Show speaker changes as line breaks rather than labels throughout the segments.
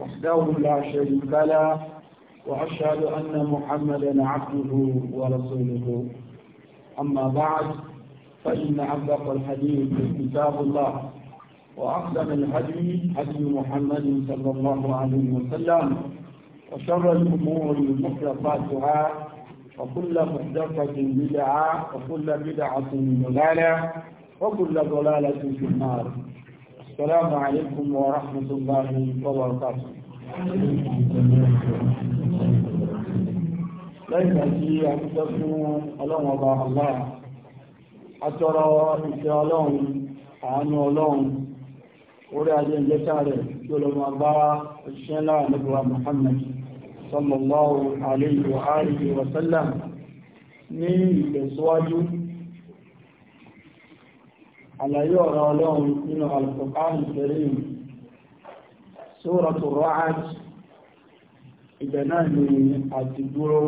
وحده لا شريك له وأشهد أن محمدا عبده ورسوله أما بعد فإن أصدق الحديث كتاب الله وأحسن الهدي هدي محمد صلى الله عليه وسلم وشر الأمور محدثاتها وكل محدثة بدعة وكل بدعة ضلالة وكل ضلالة في النار السلام عليكم ورحمة الله وبركاته lẹ́yìn àti àtúntẹ́ fún ọlọ́run ọba Allah àtọrọ ìfẹ́ ọlọ́run àánú ọlọ́run orí ajé ìjẹta rẹ̀ tí olóòmọ bá òṣìṣẹ́ láà nígbà Muhammad sallallahu alayhi wa alihi wa sallam ní ìtẹ̀síwájú àlàyé ọ̀rọ̀ ọlọ́run nínú alùpùpáàlù kẹrin sórọ̀tù rọ́ájì ìbẹ̀ náà ni àti dúró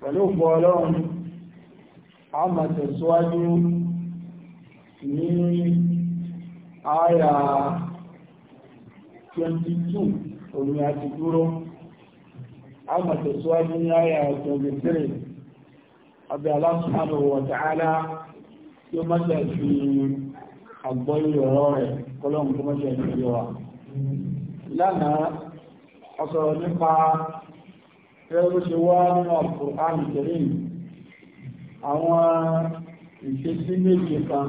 pẹ̀lú ọgbọ̀ ọlọ́run a máa tẹ̀síwájú ní àyà 22 omi àti dúró a máa tẹ̀síwájú ní àyà 23 abẹ́ Allah subhanahu tí ó mọ́ṣẹ̀ fi àgbọ́yé ọ̀rọ̀ rẹ̀ kọlọ́mù tó mọ́ṣẹ̀ fi yọ wa lánàá ọ̀sọ̀rọ̀ nípa ẹgbẹ́ ṣe wá nínú Al-Qur'an àwọn ìṣesí méje kan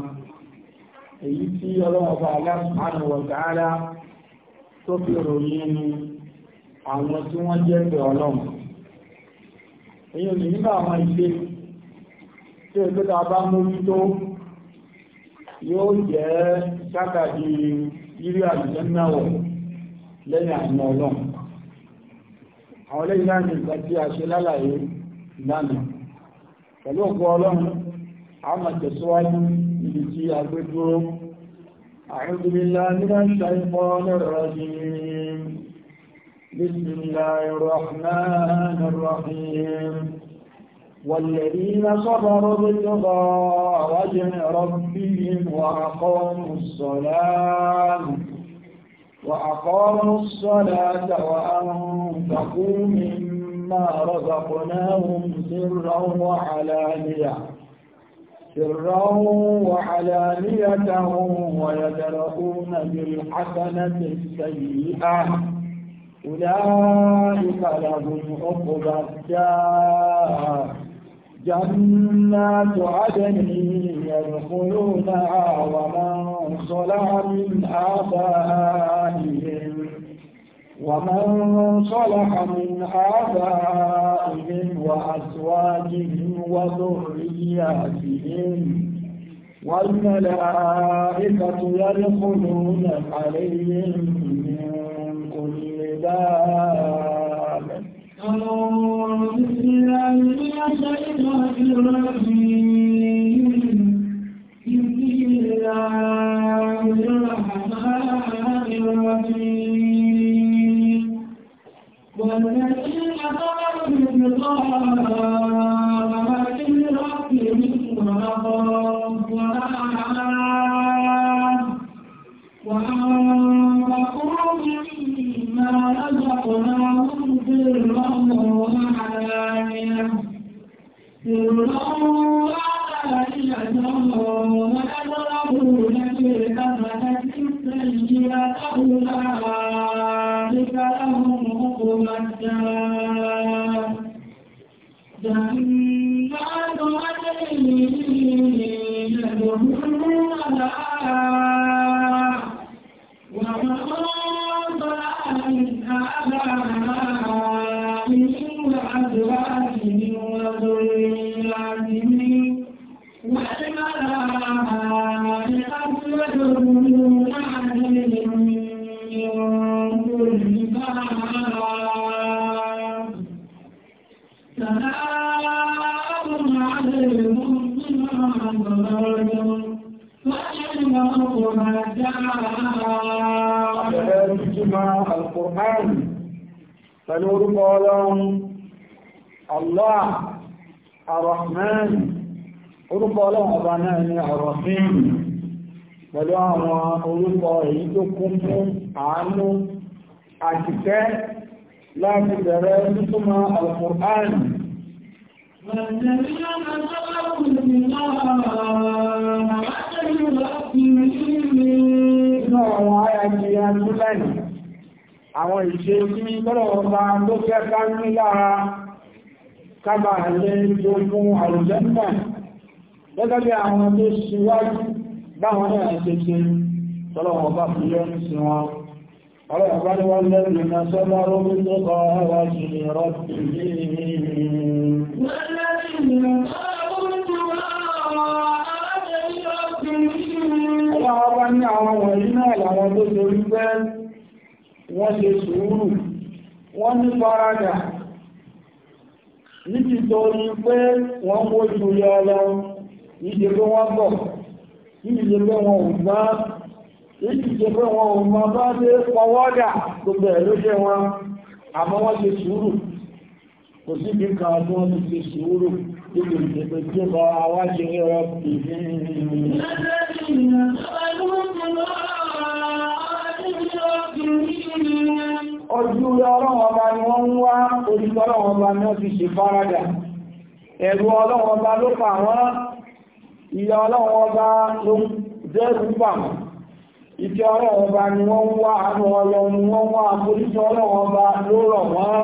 èyí tí ọlọ́wọ́ba Subhanahu wa Ta'ala tó fi ròyìn àwọn tí wọ́n jẹ́ pẹ̀ ọlọ́run èyí ò ní nínú àwọn ìṣe tí ó gbé ta bá mójútó yóò jẹ́ sákàdì rírí àjẹ́nà wọ̀ lẹ́yìn àwọn ọlọ́run àwọn lẹ́yìn láti ìgbà tí a ṣe lálàyé ìlànà pẹ̀lú òkú ọlọ́run a máa tẹ̀síwájú ibi tí a gbé dúró أعوذ بالله من الشيطان الرجيم بسم الله والذين صبروا ابتغاء وجه ربهم وأقاموا الصلاة وأقاموا الصلاة وأنفقوا مما رزقناهم سرا وعلانية سرا وعلانية ويدرؤون بالحسنة السيئة أولئك لهم عقبى الدار جنات عدن يدخلونها ومن صلح من آبائهم ومن صلح من آبائهم وأزواجهم وذرياتهم والملائكة يدخلون عليهم من كل باب
والذين قالوا بالله ولكن ربهم وما
Allah Ar-Rahman orúkọ ọlọ́run ọba náà ni Ar-Rahim pẹ̀lú àwọn orúkọ èyí tó kún fún àánú àtìkẹ́ láti bẹ̀rẹ̀ nítumọ̀ Al-Qur'an Àwọn ìṣe ní lọ́rọ̀ ọba tó kẹ́kẹ́ ní lára kába àlẹ́ tó fún àrùjẹ́mà gẹ́gẹ́ bí àwọn tó síwájú báwọn náà ní wọ́n lẹ́nu na tó wọ́n ṣe wọ́n ní níbi torí pé wọ́n mú ìròyìn ọlọ́run ìdè pé wọ́n bọ̀ ìdè pé wọn ò gbá ìdè pé wọn ò mọ bá dé pọwọ́dà gbogbo ẹ̀ ló jẹ́ wọn àmọ́ wọ́n ṣe sùúrù kò sí bí kan wọ́n ti ṣe sùúrù níbi ìdèpè tí ó bá wá ṣe ní ojú ọlọ́run ọba ni wọ́n ń wá orí ọba ni wọ́n fi ṣe fáradà ẹ̀rù ọlọ́run ọba ló pa wọ́n ìyà ọlọ́run ọba ló dẹ́rù bà wọ́n ọba ni wọ́n ń wọ́n wá àforíṣẹ́ ọlọ́run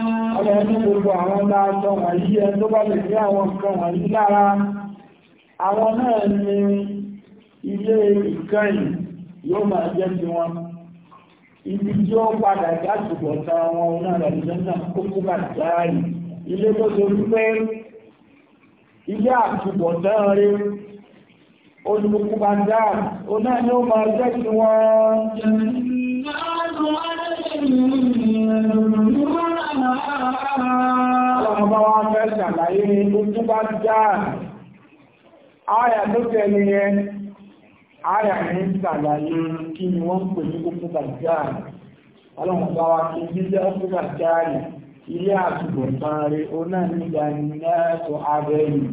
ààrẹ ní gbogbo àwọn láàtọ̀ wọ̀nyí ẹ tó bá lè rí àwọn nǹkan wọ̀nyí lára àwọn náà ni ilé ìkẹyìn yóò máa jẹ́ ti wọn ibi tí ó padà jásùgbọ̀ ta wọn náà lọ́dún náà kó kó bá jáàrí ilé tó so wípé ilé àtúbọ̀ tán rí olùkókó bá jáàrí ó náà ni ó láyé ní ojú bá jáà àyà tó tẹ̀lé yẹn àyà ní ṣàlàyé kí ni wọ́n pè ní ojú bá jáà ọlọ́run bá wa kí jíjẹ ojú bá jáà ilé àtúbọ̀ tán rí oná nígbà nílẹ̀ tó abẹ́yìn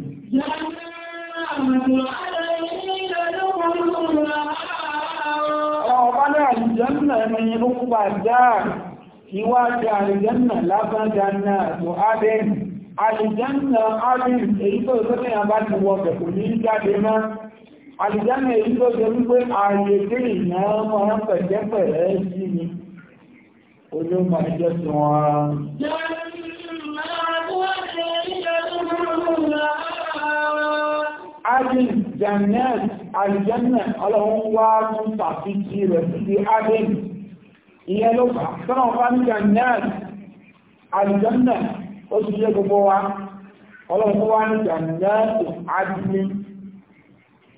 Ọba ní àrìjẹ́nà ni ó kúbà dáa, ìwá àti àrìjẹ́nà lábájá náà tó á bẹ́yìn àlìjánà àárín èyí tó tó ní àbá ti wọ pẹ̀kù ní jáde náà àlìjánà èyí tó tó wípé ààyè tí ìyàn ọmọ pẹ̀jẹ́pẹ̀rẹ́ sí ni olóòmà ẹjẹ́ tí wọ́n àlìjánà àlìjánà ọlọ́run wá ó ti yé gbogbo wa ọlọ́run tó wá ní ìjàm̀bá àdìmí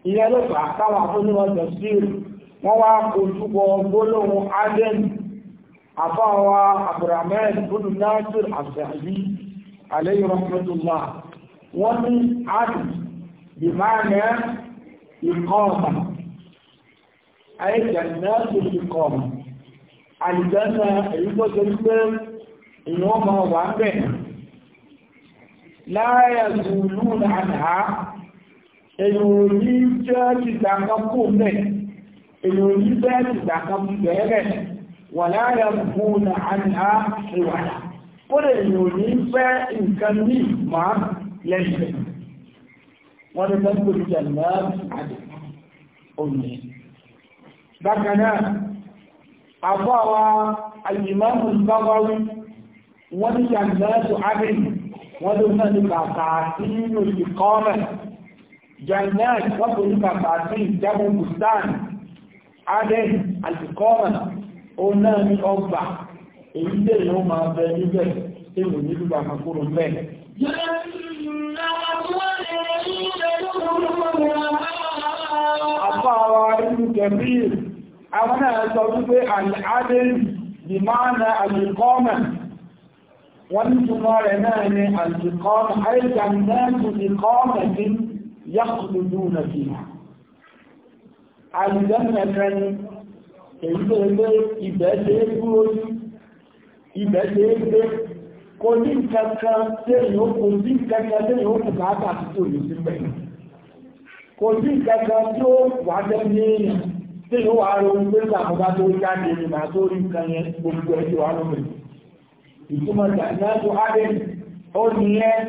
ìyẹn ló fà táwọn afúnníwọ̀n jọ sí wọ́n wá kojú bọ gbólóhùn adẹ́n àfáwà abdulrahman bùnú nasir abdulhabi alayhi rahmatullah wọ́n ní adì bìmánà ìkọ́ọ̀mà àìjàm̀bá tó fi kọ̀ọ̀mà àlìjàm̀bá èyí tó ṣe pé ìwọ́n máa wà ń bẹ̀rẹ̀ láàyà zùlù nàá èyàn òní jẹ́ ìgbà kan kó mẹ́ èyàn òní jẹ́ ìgbà kan bẹ̀rẹ̀ wà láàyà bú nàá nàá ìwà ó lè èyàn òní fẹ́ nǹkan ní ìmọ̀ lẹ́yìn wọ́n lè fẹ́ kó ìjà náà àdè òní bákan náà àbọ̀ àwọn alìmọ́mù báwáwí wọ́n ní jàǹdà tó ábẹ́yìn wọ́n ló náà ní bàbá sí nínú ìkọ́mẹ̀ janet wọ́n tó ní bàbá sí ìjábọ̀ bùsán aden àtìkọ́mẹ̀ ó náà ní ọgbà èyí lè ló máa bẹ níbẹ̀ tí mo ní lùgbà kúrò mẹ́ Àpá àwọn arínú kẹfíì, àwọn náà sọ wípé àlè adé ìmáàna àlè wọ́n ní túnmọ́ rẹ̀ náà ni àtìkọ́nà àìjàmẹ́tù ìkọ́nà tí yàkùnlú nà fi hà àìjàmẹ́ kan èyí tó gbé ibẹ̀ tó dúró gbé kò ní kankan tẹ́yìn ó kò sí kankan tẹ́yìn ó kò káàkà sí tòlù sí mẹ́rin kò sí kankan tí ó wà tẹ́yìn èèyàn tẹ́yìn ó wà rọ̀ ń gbé tó jáde nìmá tó rí nǹkan gbogbo ẹjọ́ wà ìtumọ̀ jàndínàtò adẹ́n ó nìyẹn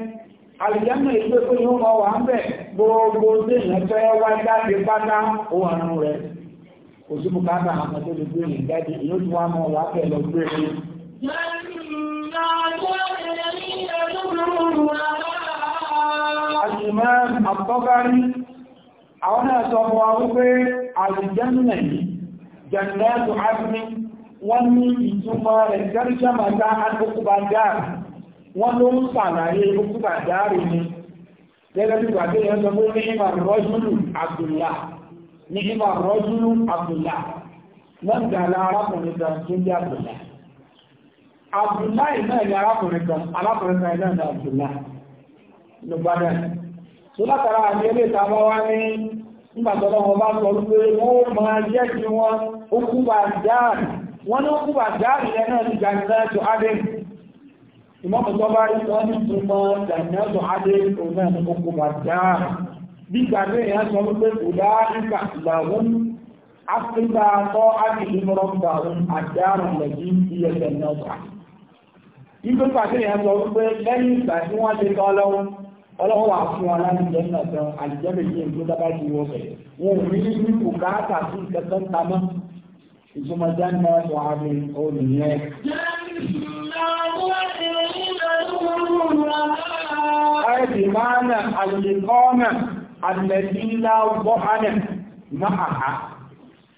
alìjẹ́mọ̀ ìgbé pé yóò mọ̀ wà ń bẹ̀ gbogbo déèyàn fẹ́ wá jáde pátá òun àrùn rẹ̀ kò sí bùkátà àwọn tó lè gbé yìí jáde èyí ó ti wá mọ̀ wá pẹ̀lú ọgbẹ́ rẹ̀. Àṣìmọ́ àtọ́kárí àwọn náà sọ wa wípé àlìjẹ́mọ̀ yìí jàndínàtò adẹ́n wọ́n ní ìtumọ̀ rẹ̀ járíjámàdá àkókòbàdá wọ́n ló ń sàlàyé àkókòbàdá rẹ̀ ni gẹ́gẹ́ bí wà déyẹ sọ pé ní ìmọ̀ rọ́júlù Abdullah ní ìmọ̀ rọ́júlù Abdullah wọ́n dàlá arákùnrin kan tó ni arákùnrin kan arákùnrin kan ni ló bá dẹ̀ tó látara àmì ilé wá ní wọ́n ní kú bà dáàrí rẹ̀ náà ti jàndínlẹ́tò adé ìmọ́kùtọ́ bá rí wọ́n ní túnmọ́ jàndínlẹ́tò adé òun náà ní kú bà dáàrí bí gbàgbé èèyàn sọ wípé kò dáríkà làwọn áfíríkà tọ́ áti ìmọ̀rọ̀gbà òun àdáàrù lẹ́bí ìyẹ̀lẹ̀ náà wà nígbà pàṣẹ èèyàn sọ wípé lẹ́yìn ìgbà tí wọ́n ti tọ́ lọ́wọ́ ọlọ́wọ́ wà fún wa láti jẹ́ náà tán àlìjẹ́bẹ̀ yìí èdè dábàá ti wọ́ bẹ̀ wọn ò ní ní kò káàkà sí ìkẹtọ́ tamọ́ ìtumọ̀ jáde wà ní olùyẹn.
Àìsí máa
nà àlèkọ́nà àlèdílá bọ́hánà máa ha.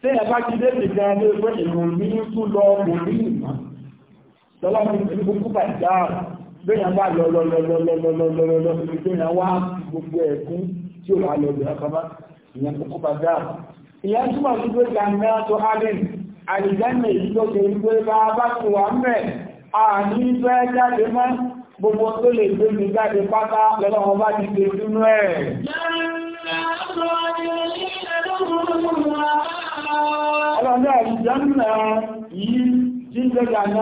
Tí ẹ bá ti débi gan ní pé ìròyìn tó lọ kò ní ìmọ̀. Tọ́lá mi ti kúkú bàjá bẹ́yàn bá lọ lọ lọ lọ lọ lọ tí ó wà lọ lọ kama ìyẹn kúkú bàjá. Ìyẹn túmọ̀ sí pé gbàngán tó Allen àìjẹ́mẹ̀ yìí tó ṣe ń gbé bá bá ti wà mẹ́ àní fẹ́ jáde mọ́ gbogbo tó lè gbé mi jáde pátá lọ́wọ́ bá ti gbé sínú ẹ̀ ọlọ́dẹ́ àìjẹ́mẹ̀ yìí tí ń gbé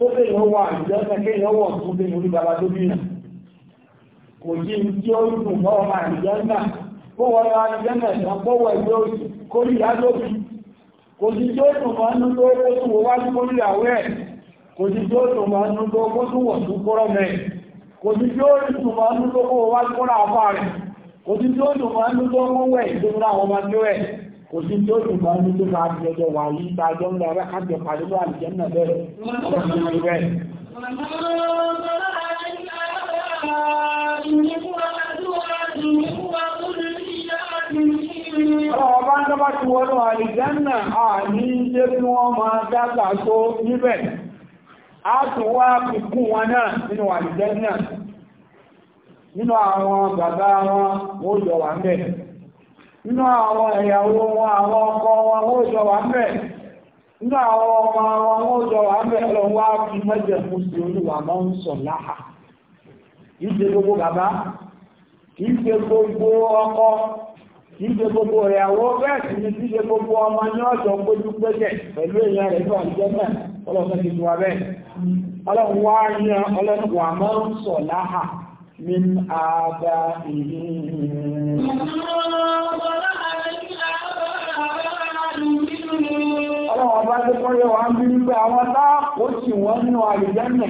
tó kéèyàn wà ìjọ́sẹ̀ kéèyàn nke tún lé orí bàbá tó bí kò jí ní tí ó dùn mọ́ ọmọ àìjọ́nà kó wọ́n lọ àìjọ́nà ìtàn kó wọ́n ẹgbẹ́ kó rí ìyájọ́ kò tí ó dùn tó wọ́n wá sí àwẹ́ kò tí ó dùn tó kò sí tó dùn kan ní tó máa fi ọjọ́ wà yìí bá ń lọ rẹ́ kájọ pàdé ló àlùjẹ́ A tún wá pìkún wọn náà nínú àlìjánà. Nínú àwọn bàbá wọn, wọ́n yọ wà mẹ́rin. nínú àwọn ẹ̀yàwó wọn àwọn ọkọ wọn ó jọ wà mẹ́ nínú àwọn ọmọ wọn wà mẹ́ lọ wá fi mẹ́jẹ̀ mú sí sọ láhà ìṣe gbogbo bàbá kìí gbogbo ọkọ kìí gbogbo ẹ̀yàwó bẹ́ẹ̀ sì ni kìí gbogbo ọmọ ní ọjọ́ gbójú pẹ̀lú èèyàn rẹ̀ ní ti wà bẹ́ẹ̀ ọlọ́run wá ọlọ́run wà من آبائهم Ọlọ́run ọba tó kọ́rẹ́ wa ń bí wípé àwọn táà ó sì wọ́n nínú àrìjẹ́nà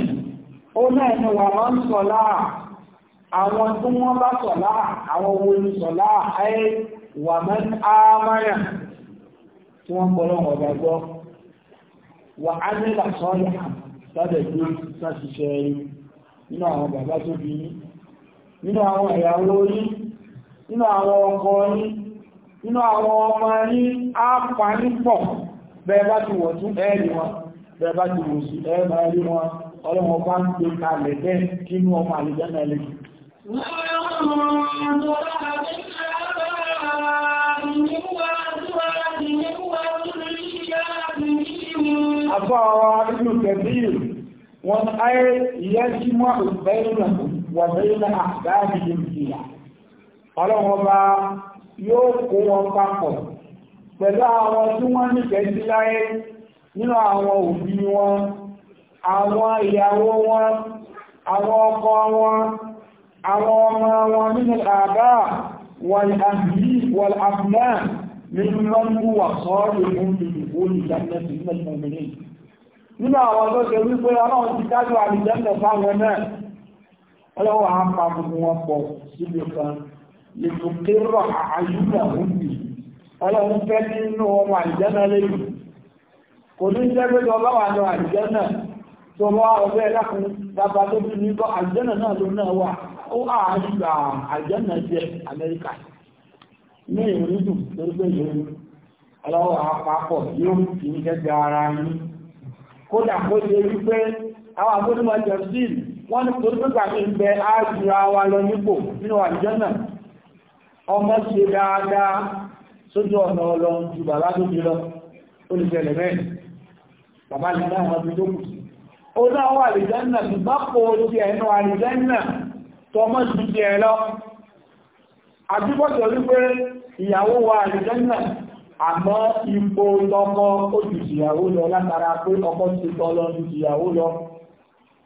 ó ni wà wọ́n sọ̀lá àwọn tó wọ́n bá sọ̀lá àwọn owó ní sọ̀lá ẹ́ wà mẹ́n àmàrà tí wọ́n pọ̀lọ́ ọ̀gbà gbọ́ wà á nílà sọ́ọ̀lá lọ́dẹ̀ nínú àwọn bàbá tó bí nínú àwọn ìyàwó yín nínú àwọn ọkọ orí nínú àwọn ọmọ yín á ní pọ̀ bẹ́ẹ̀ bá ti wọ̀ tún wọn bẹ́ẹ̀ bá ti wò sí wọn ọlọ́wọ́ bá ń ìlú kẹ̀bí wọn ayé ìyẹ́ wà bẹ́yìn àgbáàdì ìjìyà ọlọ́run ọba yóò kó wọn papọ̀ pẹ̀lú àwọn tí wọ́n nífẹ̀ẹ́ sí láyé nínú àwọn òbí wọn àwọn ìyàwó wọn àwọn ọkọ wọn àwọn ọmọ wọn nínú àbá wàlàbíwàlàbíwà nínú lọ́nbù wà sọ́ọ̀rọ̀ ìgbóhùn ìgbóhùn ìjàmẹ́sì nínú àwọn tó ọlọ́wọ́ á pa gbogbo wọn pọ̀ síbi kan lè tó òbí fẹ́ nínú ọmọ àlìjánà lẹ́yìn kò ní jẹ́ ọlọ́wọ́ àlọ́ tó ọgbẹ́ ẹlẹ́kùn bàbá tó bí nígbọ́ náà ló náà wà ó jẹ́ Amẹ́ríkà ní ọlọ́wọ́ yóò fi ara yín kódà kó ṣe wípé àwọn agbódúmọ̀ jẹ́ wọ́n ní torí pípa ní ń ájúra wa lọ nípò nínú àjọ́nà ọmọ ṣe dáadáa sójú ọ̀nà ọlọ́run ju bàbá tó bí lọ ó lè bẹ̀rẹ̀ bẹ́ẹ̀ bàbá lè dá àwọn ọdún tó kù sí ó náà wà lè jẹ́nà tí bá kó ti ẹ̀nà àrìjẹ́nà tọmọ sí ti ẹ̀ lọ àdúgbọ́sọ̀ wípé ìyàwó wa àrìjẹ́nà àmọ́ ipò lọ́kọ́ ó ti ìyàwó lọ látara pé ọkọ ti tọ́ lọ ju ìyàwó lọ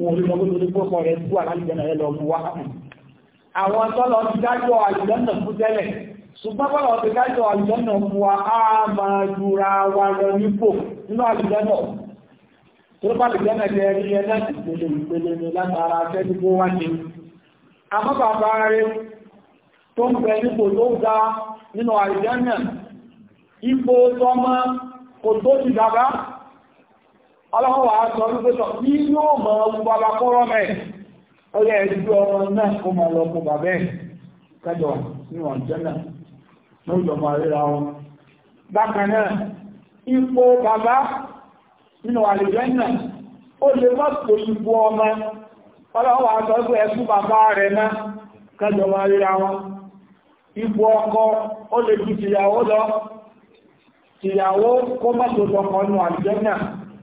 wọn lè mọ́gbé lọ àwọn tọ́lọ̀ ti dájọ́ àlùjẹ́nà fún tẹ́lẹ̀ ṣùgbọ́n bọ́lọ̀ ti dájọ́ àlùjẹ́nà fún wa máa wa lọ nípò nínú tó bá jẹ́ rí ìpele ní látara wá ọlọ́wọ́ wa sọ ní yóò mọ bàbá mẹ́ ọmọ náà kó máa lọ fún bàbá ẹ̀ níwọ̀n jẹ́nà wọn náà ipò bàbá nínú àlejò ó lè má tó ọmọ ọlọ́wọ́ ẹkú bàbá rẹ̀ náà wọn ipò ọkọ ó lè tìyàwó lọ tìyàwó kó nínú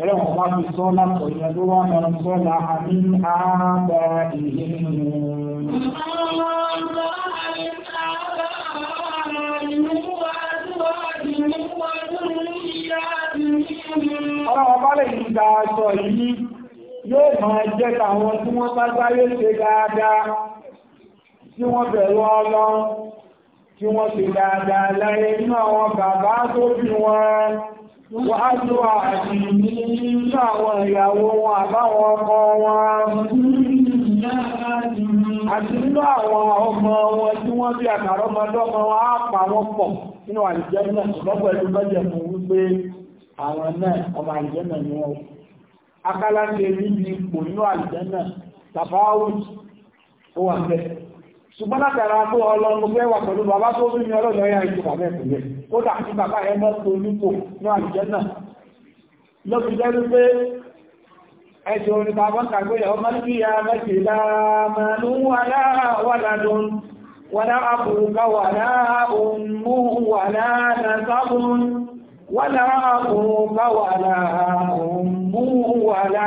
ọlọ́run wá fi sọ lápọ̀ ìyẹn ló mọ̀ sọ láha ní àbá ìhìn ọlọ́run bá lè ní dáadọ́ yìí yóò máa jẹ́ tàwọn tí wọ́n bá gbáyé ṣe dáadáa tí wọ́n bẹ̀rù ọlọ́run tí wọ́n ṣe dáadáa láyé inú àwọn bàbá tó bí wọn Wọ́n lọ àti ní àwọn ìyàwó wọn àbáwọn ọkọ wọn àti nínú àwọn ọmọ wọn tí wọ́n bí àkàrọ wọn á pa wọ́n pọ̀ nínú àìjẹ́ náà lọ́pọ̀ ẹ̀lú bẹ́jẹ̀ fún wípé àwọn náà ọmọ àìjẹ́ náà ni wọ́n akálàṣe níbi ipò nínú àìjẹ́ náà ṣùgbọ́n látara pé ọlọ́run fẹ́ wà pẹ̀lú bàbá tó rí ní ọlọ́run ẹ̀yà ìjọ bàbá ẹ̀kùnlẹ̀ ó dà sí bàbá ẹmọ́ tó nípò ní àjẹ́ náà lọ́bí jẹ́rú pé ẹjọ́ orin bàbá kàgbéyà ọmọ níbi ya mẹ́sì láàmàlú wàláwàládùn wàlá àbùrùkà wàlá òmù wàlá nàṣàbùn wàlá àbùrùkà wàlá òmù wàlá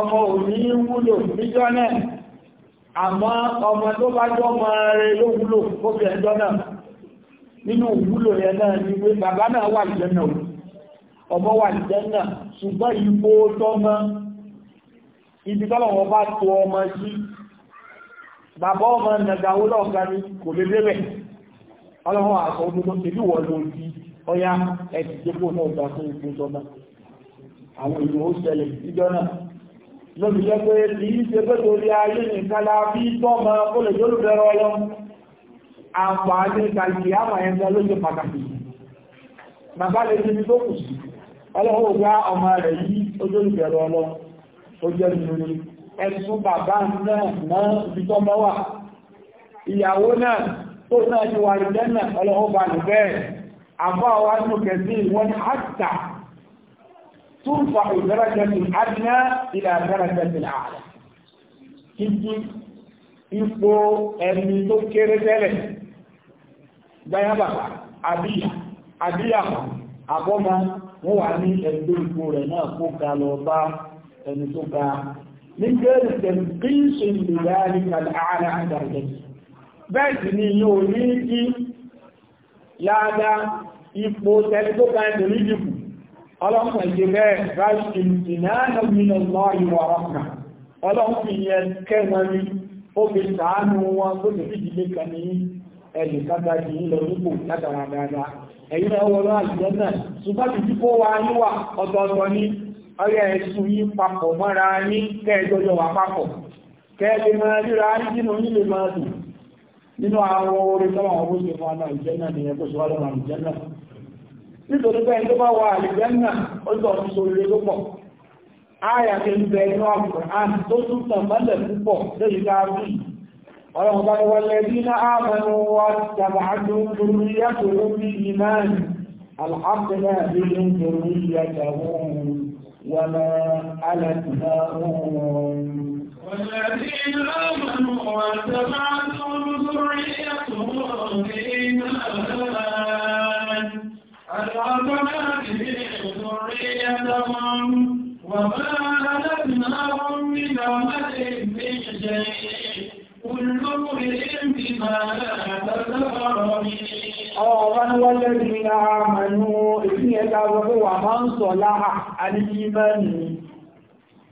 ọmọ òní wúlò níjọ́ náà àmọ́ ọmọ tó bá jọ mọ́ rẹ ló wúlò fókè ẹjọ́ náà nínú wúlò yẹn náà ni pé bàbá náà wà ní jẹ́nà ọmọ wà ní jẹ́nà ṣùgbọ́n ipò tọ́mọ ibi tọ́lọ̀ wọn bá tó ọmọ sí bàbá ọmọ nàgàwó lọ́ọ̀gá ni kò lè lébẹ̀ ọlọ́run àṣọ ọdún tó àwọn ìlú ó ṣẹlẹ̀ ìjọ náà lóbi jẹ́ pé kì í ṣe pé torí ayé nìkan la fi tọ́mọ ó lè jólù bẹ̀rẹ̀ ọlọ́ àǹfààní kàìkì àmà ẹ̀ńtọ́ ló ṣe pàtàkì bàbá lè ṣe ní tó kù sí ọlọ́wọ́ ògbá ọmọ rẹ̀ yìí ó jólù bẹ̀rẹ̀ ọlọ́ ó jẹ́ nínú ẹ̀sùn bàbá náà mọ́ ibi tọ́mọ wà ìyàwó náà tó ترفع درجة الأدنى إلى درجة الأعلى títí ipò ẹni tó kéré tẹ́lẹ̀ gbáyàbàbà àbíyà àbíyàmà àbọ́mọ wọ́n wà ní ẹgbẹ́ ipò rẹ̀ náà kó ga lọ bá ẹni tó ga ní gẹ́rù tẹ̀lẹ̀kíṣẹ́ ìlúra ní àlàáàrẹ àgbàrẹ̀ bẹ́ẹ̀ sì ni yóò ní kí láàdá ipò tẹ́lẹ̀ tó ga ẹni tó ní ọlọ́pàá ìdè bẹ́ẹ̀ ráìsì ìnáàlá nínú lọ ìwà ọ̀pàá ọlọ́pàá ìyẹn kẹwọn ni ó fi sàánú wọn tó lè fìdí lé kan ní ẹ̀lì kátà ní ilẹ̀ onígbò látara dáadáa ẹ̀yìn náà wọ́n lọ àjẹ́ náà ṣùgbọ́n ti kó wa níwà ọ̀tọ̀ọ̀tọ̀ ní ọyẹ ẹ̀sùn yí papọ̀ mọ́ra ní kẹ́ẹ̀lẹ̀ máa ríra nínú nílé máa dùn nínú àwọn orin tọ́wọ́n ọgbọ́n fún ọmọ náà nìyẹn kó ṣe wá náà nítorí bẹ́ẹ̀ tó bá wà àlìjẹ́nà ó tọ̀ ní sórílẹ̀ tó pọ̀ áyà tí ń bẹ inú àmì tó tún tàn mọ́lẹ̀ púpọ̀ lẹ́yìn láàrín ọlọ́run bá wọ́n lẹ́bí wa tàbà àdúgbòrò yàtọ̀ lórí ìmáàlì alhàbìnà àbílẹ̀ ìjọrí yàtọ̀ wọn alàtìmá
Wàlẹ̀ bí ìlú àmàlù wà tàbà àdúgbòrò فما تبعهم ريتهم وما ألتناهم من عمل من شيء كل امرئ بما كسب
Ọ̀rọ̀n wọ́lẹ̀ ní àmànú ìpínyẹ̀ta wọ́n wà máa ń sọ láhà àdíjí mẹ́rin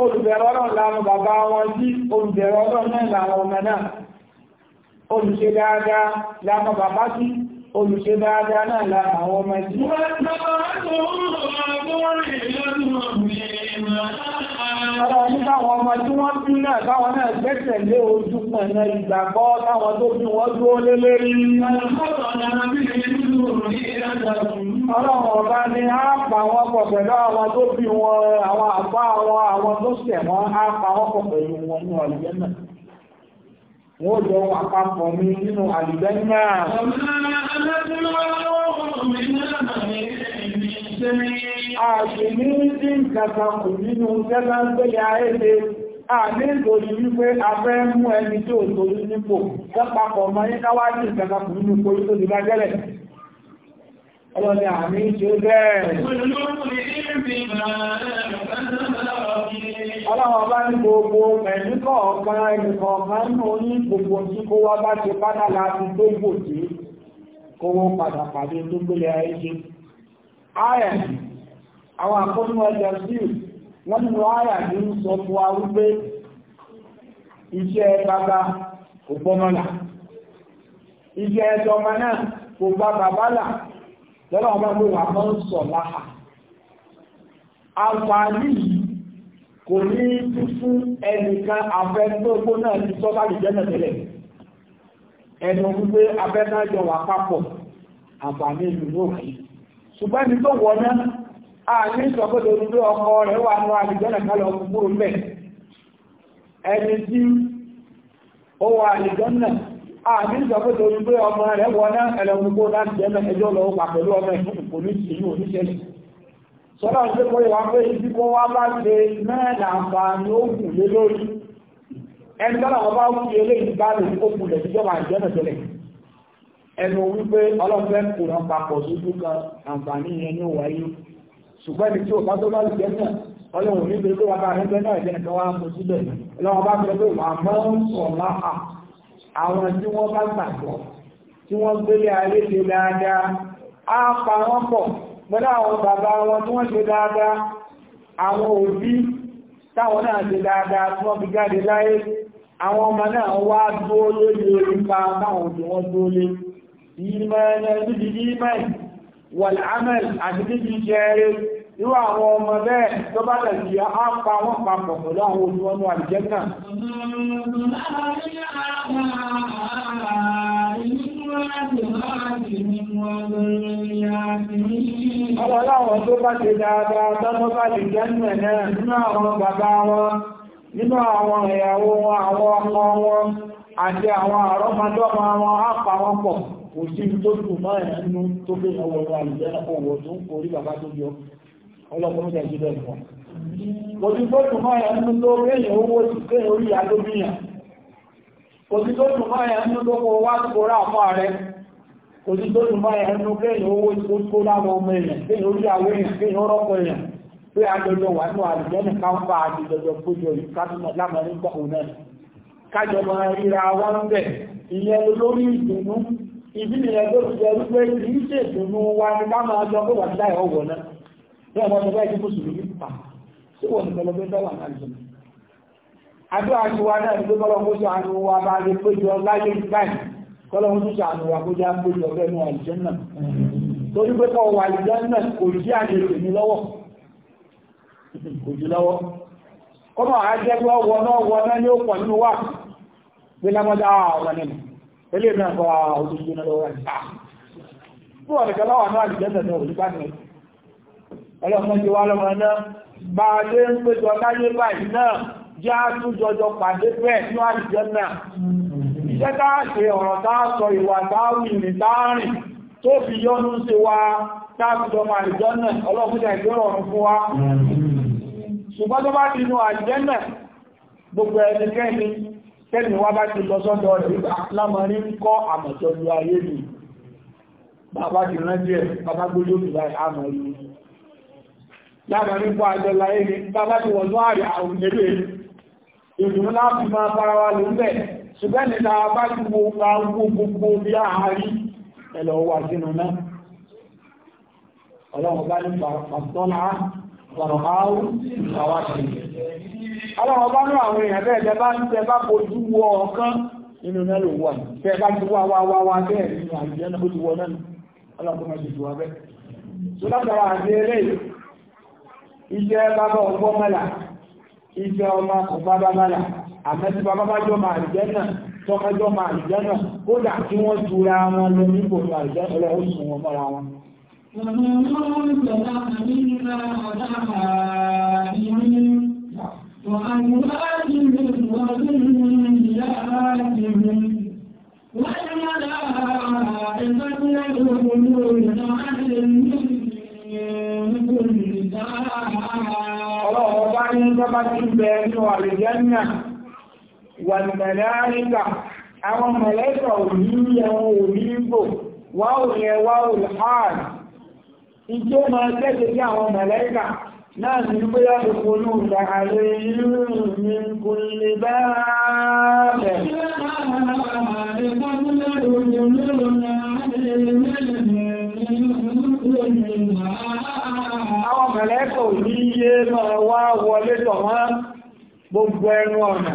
olùbẹ̀rẹ̀ ọlọ́run láwọn bàbá wọn sí olùbẹ̀rẹ̀ náà láwọn ọmọ náà olùṣe dáadáa láwọn bàbá sí olùṣe dáadáa náà láwọn àwọn ọmọ sí ọ̀rọ̀ nípa ọmọ tí wọ́n bí náà báwọn náà gbẹ́sẹ̀ lé ojú pẹ̀lú ìgbàgbọ́ táwọn tó bí wọ́n dúró lé lérí Ọlọ́run ọba ni a pa wọ́n pọ̀ pẹ̀lú àwọn tó bí wọn, àwọn àbá wọn, àwọn tó ṣẹ̀ wọ́n, a pa wọ́n pọ̀ pẹ̀lú wọn ní ọ̀lẹ́gbẹ́ náà. Wọ́n jọ àpapọ̀ mi nínú àlùgbẹ́ náà. Àṣì ní sí nǹkan kù nínú tẹ́lá ń gbé ya ẹ́lẹ́. A ní ìtòrí wípé a fẹ́ mú ẹni tí ò torí nípò, tẹ́pàpọ̀ mọ́ ní káwájú nǹkan kù nínú kò ọlọ́ni àmì tí ó bẹ́ẹ̀.
bá ní gbogbo
pẹ̀lú kọ̀ọ̀kan ẹnìkan máa ń mọ́ ní gbogbo tí kó wá bá ti pátá láti tó gbò kó wọ́n padà pàdé tó gbélé ayé Ààrẹ, àwọn sí wọ́n ní lọ́nà ọmọ ẹgbẹ́ wà mọ́ ń sọ láhà àǹfààní yìí kò ní tí fún ẹnìkan afẹ́tógbó náà ti sọ bá lùjẹ́ náà tẹ́lẹ̀ ẹnu wípé abẹ́nájọ wà papọ̀ àǹfààní ìlú lókè ṣùgbọ́n ẹni tó wọ̀ náà a ní ìsọ̀kọ́dọ̀ orí ọkọ rẹ̀ wà ní àlùjẹ́ náà kálọ̀ gbúrú mẹ́ ẹni tí ó wà àlùjẹ́ náà àbí ìjọpẹ́tò wípé ọmọ rẹ̀ wọná ẹlẹ́gbogbo láti jẹ́mẹ́ ẹjọ́ lọ pa pẹ̀lú ọmọ ẹ̀fún kò ní ìṣèlú oníṣẹ́lẹ̀ sọ́lá ń pé kọ́yọ̀ wá pé ibi kó wá bá ṣe mẹ́ẹ̀lá àǹfààní ó kù lé lórí ẹni tọ́lá wọn bá wú ilé ìgbà lè ó kù lẹ̀ síjọba ìjẹ́mẹ̀ tẹ́lẹ̀ ẹnu wípé ọlọ́fẹ́ kù rán papọ̀ sójú kan àǹfààní yẹn ní wáyé ṣùgbọ́n ibi tí ò bá tó bá lè jẹ́mẹ̀ ọlọ́run níbi tó wá bá rẹ̀ bẹ́ẹ̀ náà ìjẹ́nìkan wá mú síbẹ̀ ọlọ́run bá fẹ́ wà mọ́ sọ̀lá àwọn tí wọ́n bá gbàgbọ́ tí wọ́n gbélé ayé ṣe dáadáa á pa wọ́n pọ̀ pẹ̀lú àwọn bàbá wọn tí wọ́n ṣe dáadáa àwọn òbí táwọn náà ṣe dáadáa tí wọ́n fi jáde láyé àwọn ọmọ náà wá dúó lórí ipa táwọn òbí wọn dúó ìmọ̀ ẹni níbi irú àwọn ọmọ bẹ́ẹ̀ tó bá tẹ̀sí á pa wọ́n papọ̀ pẹ̀lú àwọn olúwọ́nú àlùjànnà Àwọn aláwọ̀ tó bá ṣe dáadáa tọ́tọ́ bá lè jẹ́nu ẹ̀ náà nínú àwọn ìyàwó wọn, àwọn ọmọ wọn, àti àwọn àrọ́mọdọ́mọ wọn á wọn pọ̀, kò sí tó kù máa ẹ̀nú tó gbé ọwọ́ ìwà ìjẹ́ ọwọ́ tó ń bàbá tó yọ. ọlọ́pọ̀ mẹ́ta ìjọba ẹ̀fọ́ òtí tó tún máa ẹnu tó kéyàn owó sí pé orí adóbíyàn òtí tó tún máa ẹnu tó kó wá kóra àmọ́ rẹ òtí tó tún máa ẹnu kéyàn owó tó kó láwọn ọmọ èèyàn kéyàn orí àwọn èèyàn kéyàn rọ́pọ̀ èèyàn pé àjọjọ wà ní àlùjẹ́ nìkan fa àjọjọ kójọ ìkásùmọ̀ lámọ̀rin pọ̀ òun náà kájọ máa ríra bẹ́ẹ̀ mọ́ ọdún náà jùlọ àdó àtiwá náà àánú wa bá lè péjọ láyé báyìí kọ́lọ́mù tó sọ àánú wa kó já péjọ bẹ́ẹ̀ àìjẹ́ náà torí pé kọ́ wà àìjẹ́ náà kò sí àjèrè ní lọ́wọ́ kò sí lọ́wọ́ kọ́mọ̀ àjẹ́gbọ́ lọ́wọ́ ọlọ́pàá ti wá lọ́mọ náà bá a lé ń péjọ láyé báyìí náà já tún jọjọ pàdé bẹ́ẹ̀ ní àdìjẹ́ náà iṣẹ́ táàṣe ọ̀rọ̀ táàsọ ìwà táàrí ìrìn táàrin tó fi yọ́nú sí wa táàkùdọmọ àdìjọ́ náà ọlọ́pàá ìjọ́rọ̀ ọ̀run fún wa ṣùgbọ́n tó bá ti inú àdìjẹ́ náà gbogbo ẹnikẹ́ni tẹ́lì wá bá ti lọ sọ́dọ̀ rẹ̀ lámọ̀rí ń kọ́ àmọ̀tọ́jú ayé ni bàbá ti rántí ẹ̀ bàbá gbójú òkú àmọ̀ yìí lára nípa àjọlá ẹni bàbá ti wọ̀n láàrin àwọn ilé ìdùn láti máa fara wa ló ń ṣùgbẹ́ ni ta bá ti wo pa gbogbo bí àárín ẹ̀lọ wà sínú náà ọlọ́run bá nípa pàtọ́lá ọ̀rọ̀ àárún ìpàwáṣì ọlọ́run iṣẹ́ bàbá ọgbọ́ mẹ́là iṣẹ́ ọmọ ọ̀bábá mẹ́là àmẹ́sí bàbá bá jọ máa jẹ́ náà tọ́kẹjọ́ máa jẹ́ náà kódà kí wọ́n jura wọn lọ nípò máa jẹ́ ọlọ́ọ̀sùn wọn mọ́ra wọn
Wọ́n ni wọ́n dáa ẹgbẹ́ tí ó gbogbo ìrìnà
àti ìrìnà Ọlọ́wọ́ bá ní bọ́bá ti bẹ ní àlùjànnà wà màláíkà, àwọn màláíkà ò ní ẹwọ òmìnbò, wà ò ní ẹwà olùhàn. Ìjọ máa tẹ́jẹ̀ sí àwọn màláíkà náà ní pé yá gbogbo ní ìgbà àlè ìrìn gbogbo ẹnu ọ̀nà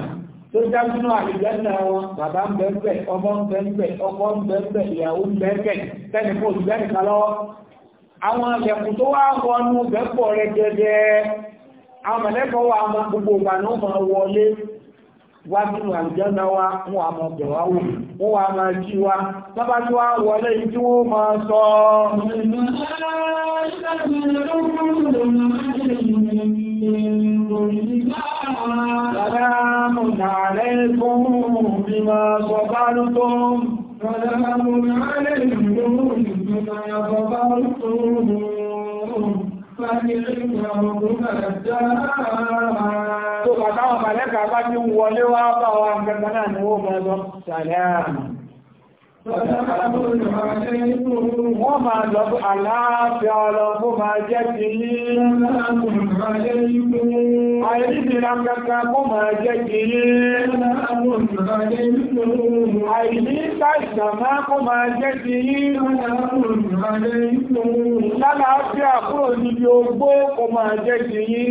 tó dákúnú àlùjànnà wọn bàbá ń bẹ́ẹ̀ ọmọ ń bẹ́ẹ̀ ọkọ ń bẹ́ẹ̀ ìyàwó ń bẹ́ẹ̀ tẹ́ni kò jù bẹ́ẹ̀ nìkan lọ́wọ́ àwọn ẹ̀kùn tó wá wọnú bẹ́ẹ̀pọ̀ rẹ̀ gẹ́gẹ́ àwọn mẹ̀lẹ́kọ̀ọ́ wa mọ gbogbo ìgbà ní wọ́n máa wọlé wá nínú àlùjànnà wa wọn àmọ́ ọ̀bẹ̀ wá wò wọ́n wá máa jí wa tọ́bá tí wá wọlé ìdí wọ́n máa sọ ọ́ سلام عليكم بما صبرتم سلام عليكم بما صبرتم Tó bàtàwọn màlẹ́kà bá ti wọlé wá bá wa gẹ́gẹ́ náà ni ó mọ́ lọ, sàlẹ́ àmì. Wọ́n máa lọ bú àlàáfíà ọlọ́gbó máa jẹ́ ti ní àìríbìnà kankan kó máa jẹ́ ti ní àìní ìtàìsàmá kó máa jẹ́ ti ní lálàáfíà kúrò níbi ogbó kó máa jẹ́ ti ní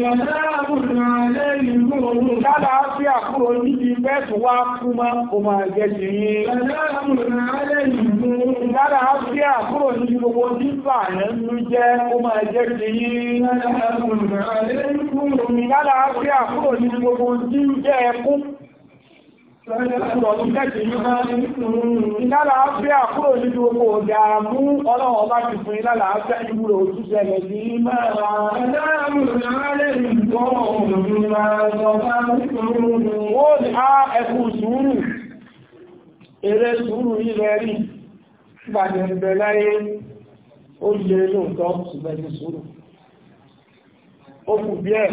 lálàáfíà kúrò níbi bẹ́ẹ̀tù wá kú máa kó máa jẹ́ ti ní lẹ́yìn ní ìdára áfíà kúrò ní gbogbo jífà nínú jẹ́ ó máa jẹ́ ti yí ìdára áfíà kúrò ní gbogbo jíjẹ́ ẹkún Ìlàlà àáfíà kúrò nínú oko òjàrà mú ọlọ́wọ́ bá ti fún ìlàlà àáfíà ìwúrò òtúṣẹ́ rẹ̀ sí mẹ́ra. Ẹlẹ́rùn ìrìnlẹ́ ìgbọ́n òmìnira ọ̀pá ìpínlẹ̀ eré sùúrù ilẹ̀ rí gbàdẹ̀ ìbẹ̀ láyé ó lè lóòótọ́ ṣùgbọ́n ti sùúrù ó kù bí ẹ̀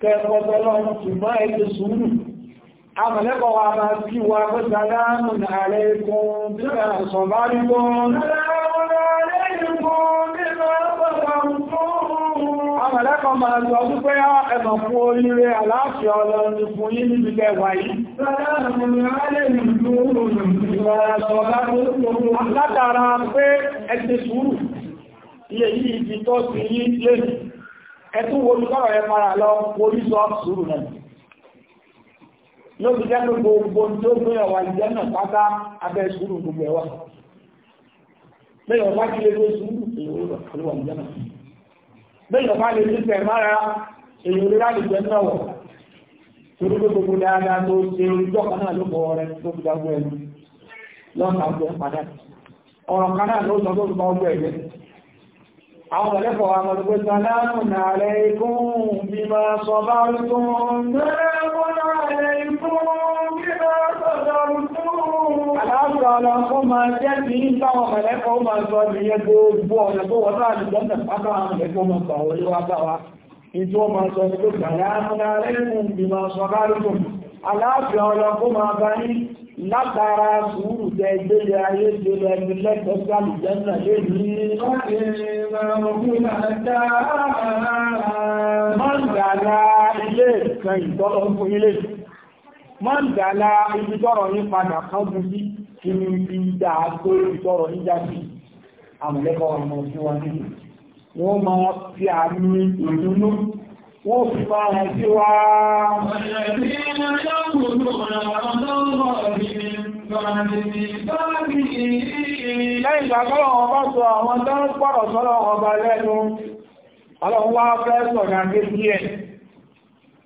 kẹ́ẹ̀kọ́tọ́ ṣùgbọ́n ẹ sùúrù àmọ̀lẹ́kọ̀ wa máa kí wa pẹ́ta láàmùn ààrẹ ikun bí ẹ̀rọ sọ̀bá rí
máa lọ dúpẹ́ ah, ẹ̀mọ̀
fún oríire aláàfíà ọlọ́run fún yí níbi lẹ́wà yìí. Látara pé ẹ ti sùúrù, iye yìí ti tọ́ sí yí lẹ́nu, ẹ̀tún wo kọ́rọ̀ ẹ mara lọ orí sọ sùúrù náà. Yóò fi jẹ́ gbogbo tó gbé ọwà ìjẹ́ náà pátá abẹ́ sùúrù gbogbo ẹwà. Lẹ́yìn bẹ́yọ̀ bá lè títẹ̀ mára èyí orí láti jẹ́ náà wọ̀ torí pé gbogbo dáadáa tó ṣe ìjọ kan náà ló bọ̀ rẹ̀ tó fi dágbó ẹni lọ́nà ọgbẹ́ padà ọ̀rọ̀ kan náà ló sọ tó fi bá ọgbẹ́ ẹ̀jẹ̀ àwọn ọ̀lẹ́fọ̀ wa mọ̀ pé sàlámù náà rẹ̀ ikú bí máa sọ bá rí tó ń bẹ́rẹ̀ wọ́n náà rẹ̀ ikú bí máa sọ bá rí tó ń àlàáfíà ọ̀rọ̀ ó máa jẹ́ sí táwọn mẹ̀lẹ́kọ̀ ó máa sọ ìyẹn gbogbo ọ̀nà tó wọ́n náà lè gbọ́nà pátá àwọn mẹ̀lẹ́kọ̀ ó máa sọ àwọn olówó bá wa ìtú ó máa sọ ní pé gbàyà múná lẹ́yìn bí máa sọ bárùkùn àlàáfíà ọ̀rọ̀ ó máa bá yín látara sùúrù jẹ ìgbélé ayé ìgbélé ẹni lẹ́kọ̀ọ́ sí àlùjẹ́nà lè ní máa ń gbàgbà ilé ìkan ìtọ́lọ́ fún ilé ìtọ́ mọ́ndàlá ibi tọ́rọ̀ ní padà kan bú sí inú ibi dáa tó ibi tọ́rọ̀ ní jáde àmọ̀lẹ́kọ̀ ọmọ sí wa nínú wọ́n máa fi àmì ìdúnú wọ́n fi máa rẹ̀ sí wa lẹ́yìn ìgbàgbọ́rọ̀ ọba sọ àwọn tọ́rọ̀ sọ́rọ̀ ọba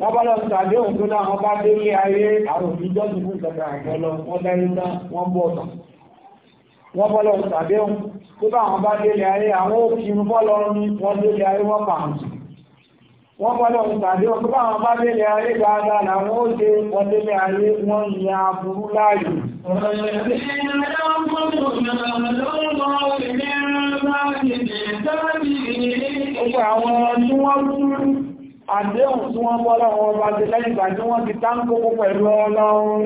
wọ́n bá lọ sàdé òun tó láwọn bá dé ilé ayé àwọn òfìjọ́ ti fún ìtàkà àjọlọ wọ́n dáyé tán wọ́n bọ̀ ọ̀tàn wọ́n bọ́ lọ sàdé òun tó bá àwọn bá dé ilé ayé àwọn òkìrù bọ́ lọ ní wọ́n dé ilé ayé wọ́n pààrùn wọ́n bọ́ lọ sàdé òun tó bá àwọn bá dé ilé ayé dáadáa làwọn ó wọ́n dé ilé ayé wọ́n yan aburú láàyè. Gbogbo àwọn tí wọ́n tún àdéhùn tí wọ́n bọ́lá wọn bá ti lẹ́yìn ìgbà tí wọ́n ti táńkó pẹ̀lú ọlọ́run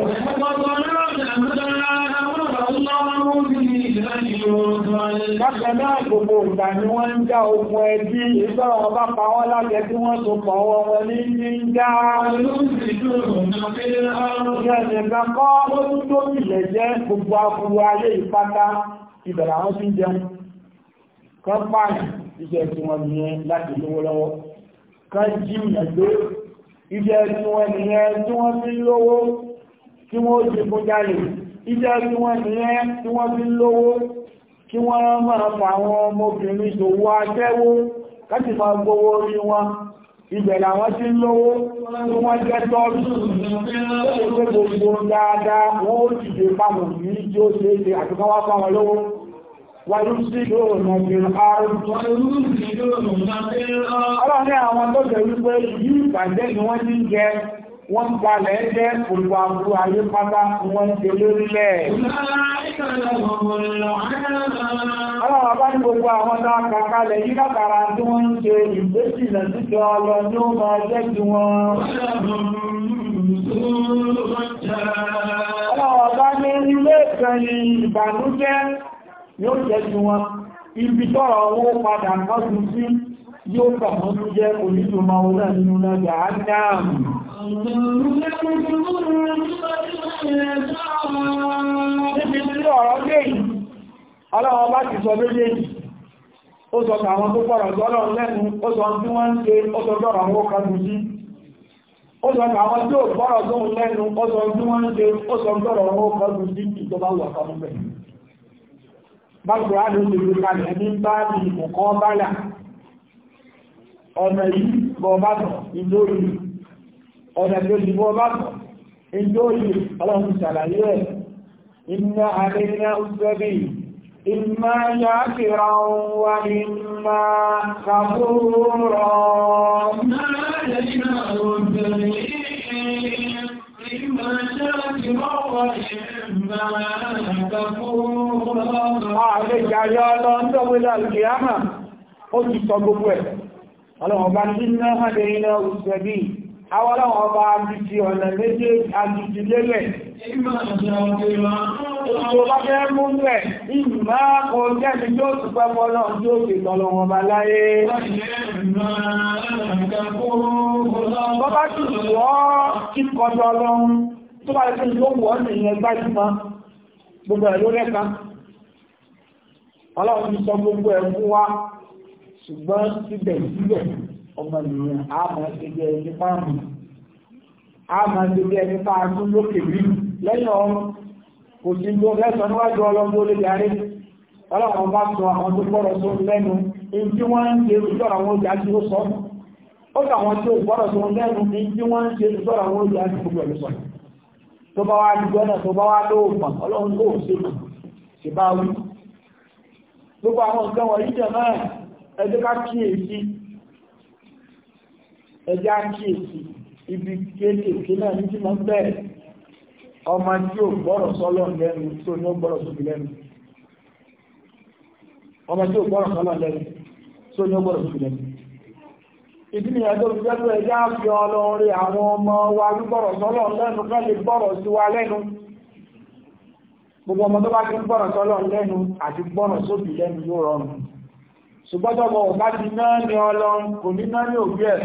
Bákan náà gbogbo ìgbà ni wọ́n ń já ogun ẹbí ìgbọ́rọ̀ wọn bá pa wọ́n láti ẹbí wọ́n tó pọ̀ wọn wọn ní ní ń já. Ìrẹ̀lẹ̀gbà kọ́ ó tún tó ìlẹ̀ jẹ́ gbogbo afúrú ayé ìpátá ìbẹ̀rẹ̀ àwọn tí ń jẹun. Kọ́ pààyàn ìṣẹ́ tí wọ́n ní láti lówó lọ́wọ́ ká jìnà gbé ìjẹ́ tí wọ́n nìyẹn tí wọ́n fi lówó tí wọ́n ó jẹ́ fúnjálè ìjẹ́ tí wọ́n nìyẹn tí wọ́n fi lówó kí wọ́n máa fà àwọn ọmọbìnrin ṣòwò akẹ́wó láti máa gbówó orí wọn ibẹ̀ làwọn tí ń lówó tí wọ́n jẹ́ tọ́jú tó gbogbo dáadáa wọ́n ó dìde pàmò ní tí ó ṣe é ṣe àti káwá pàmò lówó wáyé sí ìdóòrùn ọ̀gbìn ààrùn láàárín àwọn tó jẹ́ wípé ìlú ìbàjẹ́ ni wọ́n ti ń jẹ wọ́n ń balẹ̀ jẹ́ olùwà burú ayé pátá wọ́n ń jẹ lórílẹ̀. Ọlọ́run bá ní gbogbo àwọn tó kàkálẹ̀ yí látara tí wọ́n ń ṣe ìgbésìnà títí ọlọ ní ó máa jẹ́ ti wọn. Ọlọ́run bá ní ilé ìkẹni ìbànújẹ́ yóò jẹ́ ti wọn. Ibi tọ́rọ̀ owó padà kọ́sùn sí yóò bà wọ́n tó jẹ́ onídùnmọ́ ọlá nínú lọ́jà ádáàmù ọlọ́wọ́ bá ti sọ méjèèjì ó tó pọ̀rọ̀ sọ́lọ̀ lẹ́nu ó tí wọ́n ṣe ó àwọn ó sọ tí ó lẹ́nu ó sọ tí wọ́n ń ṣe ó sọ sí ọ̀nà yìí bọ̀ọ̀bátọ̀ ìlórí ọ̀nà kejì bọ̀ọ̀bátọ̀ ìlórí ọlọ́run ṣàlàyé ẹ̀ iná àríná ọ̀sẹ́bí iná ya kìrà wa iná kàbúrọ̀ Ààrẹ ìyàyọ́ ọlọ́ndọ́wẹ́lá ìgbìyàmà, ó ti sọ gbogbo ẹ̀ ọlọ́run ọba ní náà hàdé iná òṣèbí àwọn ọlọ́run ọba àjíjì ọ̀nà méjì àjíjì lélẹ̀ ìgbò bá fẹ́ mú rẹ̀ ìgbà kò jẹ́mi yóò tún pẹ́ mọ́lọ́ tí ó fi tọ́lọ wọn bá láyé bọ́bá tí wọ́ kí kọjọ lọ́run tó bá lẹ́sẹ̀ ló wọ́ nìyẹn gbájúmọ́ gbogbo ẹ̀ ló lẹ́ka ọlọ́run ti sọ gbogbo ẹ̀ fún wa ṣùgbọ́n síbẹ̀síbẹ̀ ọmọ ènìyàn a máa ṣe jẹ́ ẹni páàmù a máa ṣe jẹ́ ẹni páàmù lókè rí lẹ́yìn ọrùn kò sí ló rẹ́sọ níwájú ọlọ́gbọ́ lè darí ọlọ́run bá sọ àwọn tó gbọ́rọ̀ tó lẹ́nu in tí wọ́n ń ṣe ìjọra àwọn ojà tí ó sọ ó sọ àwọn tí ó gbọ́rọ̀ tó lẹ́nu in tí wọ́n ń ṣe ìjọra àwọn ojà tí ó gbọ́rọ̀ sọ tó bá wá dìgbọ́ náà tó bá wá lóòpọ̀ ọlọ́run lóòpọ̀ sí bá wí gbogbo àwọn nǹkan wọ̀nyí jẹ̀ náà ẹjẹ́ ká kíyèsí ẹjẹ́ kíyèsí ibi kéékèèké náà ní tí wọ́n ọmọ tí ó gbọ́rọ̀ sọ́lọ̀ lẹ́nu tó ní ó gbọ́rọ̀ sókè lẹ́nu ọmọ tí ó gbọ́rọ̀ sọ́lọ̀ lẹ́nu ní ó gbọ́rọ̀ sókè lẹ́nu ìdí ni ẹjọ́ ìjọ́ tó àwọn ọmọ wa gbọ́rọ̀ sọ́lọ̀ lẹ́nu lè gbọ́rọ̀ sí wa lẹ́nu gbogbo ọmọ tó bá ti gbọ́rọ̀ sọ́lọ̀ lẹ́nu àti gbọ́rọ̀ sókè lẹ́nu yóò ṣùgbọ́dọ̀bọ̀ ọ̀gá di náà ní ọlọ́run kò ní náà ní òbí ẹ̀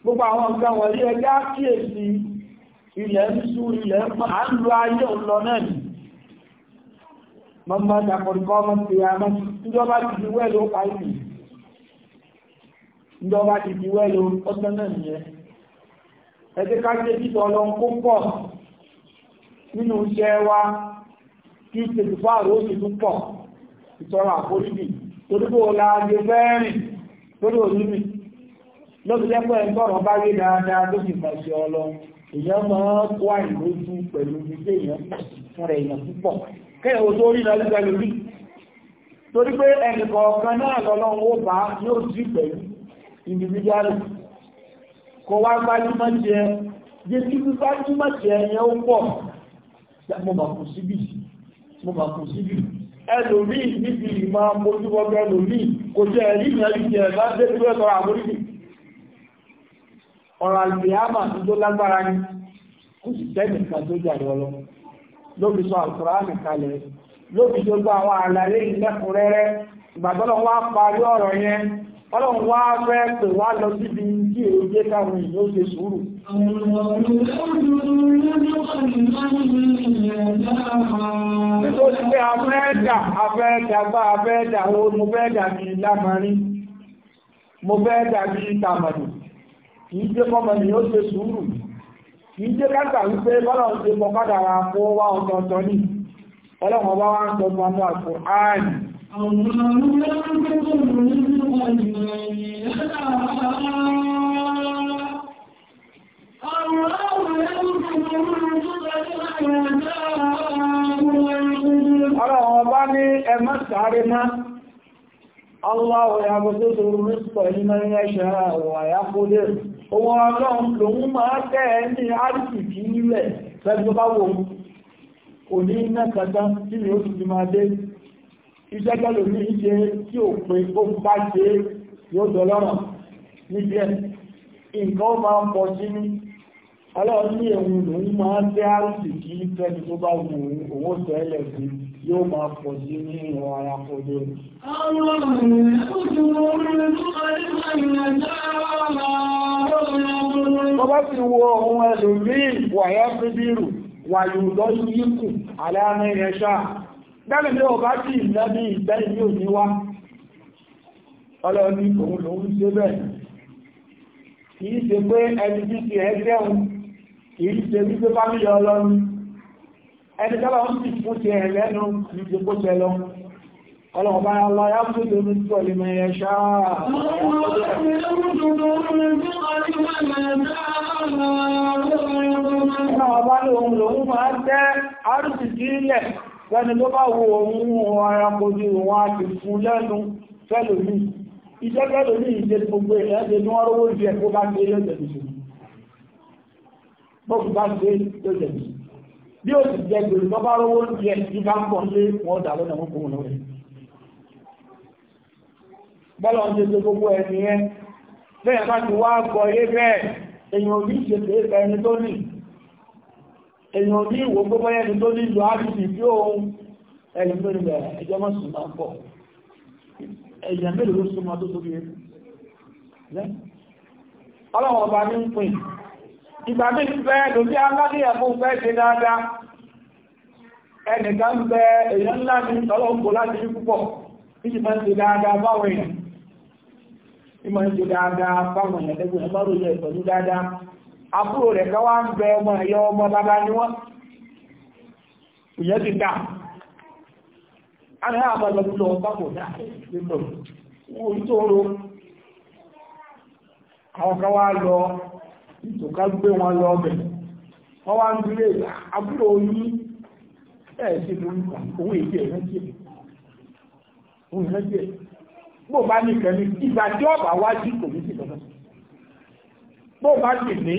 gbogbo àwọn nǹkan wọ̀nyí ẹgbẹ́ àkíyèsí ilẹ̀ ń sú ilẹ̀ ń pọ̀ à ń lo ayé òlọ náà nì mọ́mọ́ ìdàkọ̀dùkọ́ ọmọ ti àmọ́ ìjọba ti di wẹ́lú ọkà ìlú ìjọba ti di wẹ́lú ọjọ́ náà nìyẹn ẹgbẹ́ káṣe títọ̀ ọlọ́run kó pọ̀ nínú iṣẹ́ wa kí ìṣèlú fáàrọ̀ ó sì tún pọ̀ torípò láàájú fẹ́rìn lórí òlúmi lóbi lẹ́pọ̀ ẹgbọ́rọ̀ bá rí dáadáa tó fi pàṣẹ ọlọ èèyàn máa kó àìlójú pẹ̀lú gbígbé èèyàn fún rẹ̀ èèyàn púpọ̀ kẹ́yẹ̀ wo tó rí lọ lúgbà lórí torí pé ẹnì kọ̀ọ̀kan náà lọ́lọ́run ó bá yóò jí pẹ̀lú individual kò wá gbájúmọ́ jẹ jẹ́ kí gbájúmọ́ jẹ yẹn ó pọ̀ mo mà kù síbì mo mà kù ẹlòmí níbi ìmọ̀ mojúbọ́gbẹ́ ẹlòmí kò jẹ́ ẹ̀rí ìrẹ́lì jẹ́ ẹ̀bá dé tí ó tọrọ àmóríkì ọ̀rọ̀ àlùfíàmà tí tó lágbára ní kò sì tẹ́lẹ̀ kan tó jà lọ lóbi sọ àkùránì kalẹ̀ lóbi tó gbọ́ àwọn àlàyé ọlọ́run wá fẹ́ pè wá lọ síbi tí èyí jẹ́ káwọn èèyàn ó ṣe sùúrù nítorí pé afẹ́ẹ̀dà afẹ́ẹ̀dà bá afẹ́ẹ̀dà ó mo fẹ́ẹ̀dà bí lámarin mo fẹ́ẹ̀dà bí tàmàdì kìí jẹ́ kọ́mọ ni ó ṣe sùúrù kìí jẹ́ káàkà wípé bọ́lọ̀
ya ìyàbòtó tó rí
pẹ̀lú mẹ́rin ẹ̀ṣẹ̀ àwọn àyàkódé. Owó ọlọ́run lòun máa tẹ́ẹ̀ ya àríkì kí nílẹ̀ fẹ́ tó bá wò kò ní mẹ́kàtá tí ni ó ti máa dé iṣẹ́ tẹ́lò ní ṣe tí ò pin ó bá ṣe yóò dọ́lọ́rọ̀ níbi ẹ̀ nǹkan ó máa ń pọ̀ sí ní ọlọ́run ní ẹ̀hùn lòun máa ń tẹ́ àrùsì kí fẹ́ni tó bá wù ú owó tẹ́lẹ̀ sí yóò máa pọ̀ sí ní ìwọ̀n ara kodo Bọ́bá ti wo ohun ẹlòmíì wàyá fíbírù wàyùdọ́ yíkù aláàrin ẹ̀ṣáà bẹ́ẹ̀ ni ọba tí ìlẹ́bí ìgbẹ́ ìlú òní wá ọlọ́ni òun lòun ṣe bẹ́ẹ̀ kìí ṣe pé ẹni tí ti ẹgbẹ́un kìí ṣe wípé fámílì ọlọ́ni ẹni tọ́lọ ń sì fún ti ẹ̀lẹ́nu ní ti kó tẹ lọ ọlọ́ọ̀bá aláyá fún ti omi tí ọlẹ́mẹ̀ ẹ̀ ṣáà ọlọ́ọ̀bá lòun lòun máa tẹ́ fẹ́ni ló bá wo ohun ẹranko ní wọn a ti fún lẹ́nu fẹ́lòmí iṣẹ́ fẹ́lòmí ìṣe gbogbo ẹ̀ẹ́dẹ̀ ní wọ́n rówó jẹ kó bá ṣe lọ́jẹ̀ tuntun bókù bá ṣe lọ́jẹ̀ tuntun bí ó sì jẹ gbèrè tó bá rówó jẹ tí bá ń pọ̀ lé wọn dà lọ́nà wọn kò wọn lọ́rẹ̀ bọ́lá ń ṣe gbogbo ẹ̀mí yẹn bẹ́ẹ̀ bá ti wá gbọ́ ilé bẹ́ẹ̀ èèyàn ò ní ìṣètò èèyàn ní ìwò gbogbo ẹni tó ní ìlú àdìsí bí òun ẹni tó ní ẹjọ́ mọ́ sùn máa ń pọ̀ èèyàn mélòó ló súnmọ́ tó tó bí ọlọ́wọ̀n ọba ní ń pìn ìgbà mí ń bẹ́ lórí aláríyà fún fẹ́ ṣe dáadáa ẹnìkan bẹ èèyàn ńlá ní ọlọ́pọ̀ láti rí púpọ̀ títí máa ń ṣe dáadáa báwọn èèyàn ìmọ̀ ń ṣe dáadáa báwọn èèyàn lẹ́gbẹ̀ẹ́ àbúrò rẹ̀ kan wá ń bẹ ọmọ ẹ̀yọ ọmọ bàbá ni wọ́n ìyẹn ti dá Ọ àbájọ tó lọ bá kò dá tó rọ àwọn wá lọ ìtòká gbé wọn lọ ọbẹ̀ wọ́n wá ń gbé àbúrò yí ẹ̀ẹ́sì lórí owó èdè ẹ̀rẹ́jì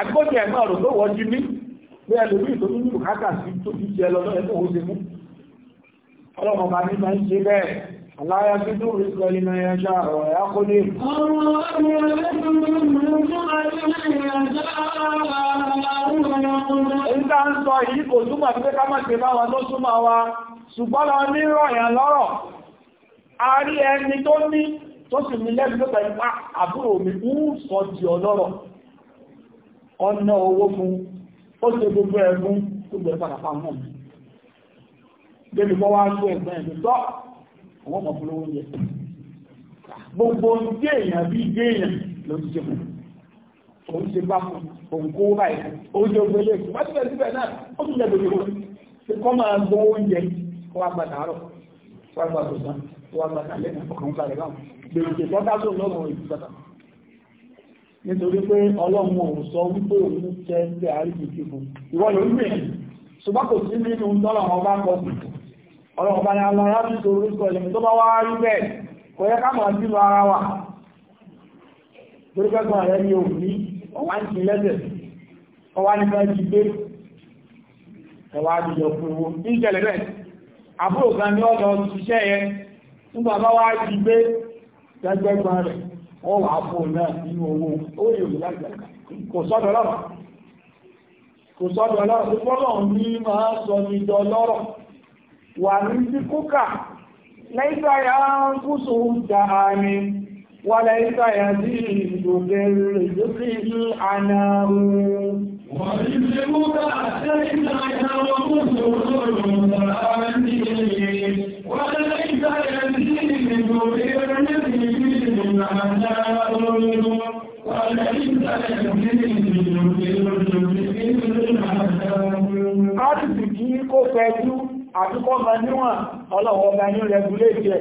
agbóṣe ẹ̀mọ́ ọ̀rọ̀ tó wọ́n jí ní pé ẹlòmí tó ní bùkátà sí tó ti jẹ lọ lọ́yẹ́ tó wó ṣe mú ọlọ́mọ bá ní máa ń ṣe bẹ́ẹ̀ aláyá tí tó rí sọ iná ẹja ọ̀rọ̀ ẹ̀yà kó lè ìta ń sọ yìí kò túmọ̀ sí pé ká má wa ṣùgbọ́n lọ ní rọ̀yàn lọ́rọ̀ a rí ẹni tó ní tó sì ní lẹ́bi tó pẹ̀lú àbúrò mi ń sọ di ọlọ́rọ̀ ọ̀nà owó fún ó ṣe gbogbo ẹ̀fún gbogbo ẹ̀fàdà pàmọ́ mi débi bọ́ wá gbé ẹ̀gbọ́n ẹ̀gbẹ́ tọ́ àwọn ọmọ fún lówó yẹ gbogbo dé èèyàn bí dé èèyàn ló ti ṣe fún òun ṣe bá fún òun kó báyìí ó jẹ́ gbogbo nítorí pé ọlọ́run òun sọ wípé òun jẹ́ ilé àríkìkì fún ìwọ ló ń rìn ṣùgbọ́n kò sí nínú tọ́lọ̀wọ́n bá kọ sí ọlọ́run bá ní alára tí tó orúkọ ilẹ̀ tó bá wá rí bẹ́ẹ̀ kò yẹ ara wa torí ni òun ní ọwá ń ti lẹ́sẹ̀ ọwá ní fẹ́ wọ́n wà fún un náà nínú owó ó yẹ òun láti kò sọ́dọ̀ lọ́rọ̀ kò sọ́dọ̀ lọ́rọ̀ tó ya ń kúsù da àmì wà lẹ́sà ya sí ìdògẹ́rẹ̀ Wọ̀n ní ṣe mú ká àṣẹ́ ìdáyà ọmọ òṣèrò منهم ولئن Àtìsìkí kó fẹ́jú àtúkọ́ ma níwọ̀n ọlọ́wọ́ ọba ní rẹ̀gúlé jẹ́.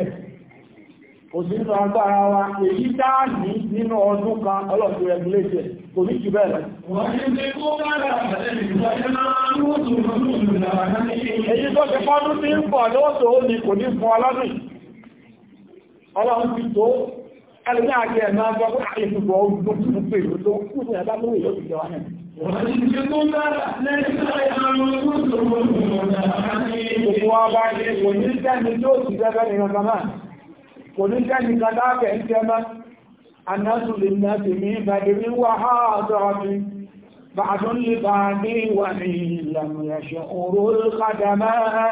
Kò sí nínú agbára wa, èyí dáàmì nínú ọdún kan ọlọ́dún jẹ́, kò ní jù bẹ́ẹ̀
Èyí tó ti fọ́dún tí
ń kò ní Ẹlẹ́gbẹ́ àti ẹ̀mọ́ agbọ́gbọ́ àìsùgbọ́ ogun tó pè ló kú ní ẹ̀bá lórí ìlú ìjọba náà. Wọ́n ti ṣe tó dára lẹ́yìn àwọn olóògùn tó wọ́n mú ọ̀nà àti ìgbòho ọba ilé kò ní jẹ́ni tó ti gẹ́gẹ́ ní ọjọ́ náà. Kò ní jẹ́ni kàdá bẹ̀ ń jẹ́ mọ́. Anásù lè ní àti mi ìbàdí mi wà á àjọ mi. Bàdún lè bàdí wà ní ìlànà ẹ̀ṣẹ̀ òróró kàdà máa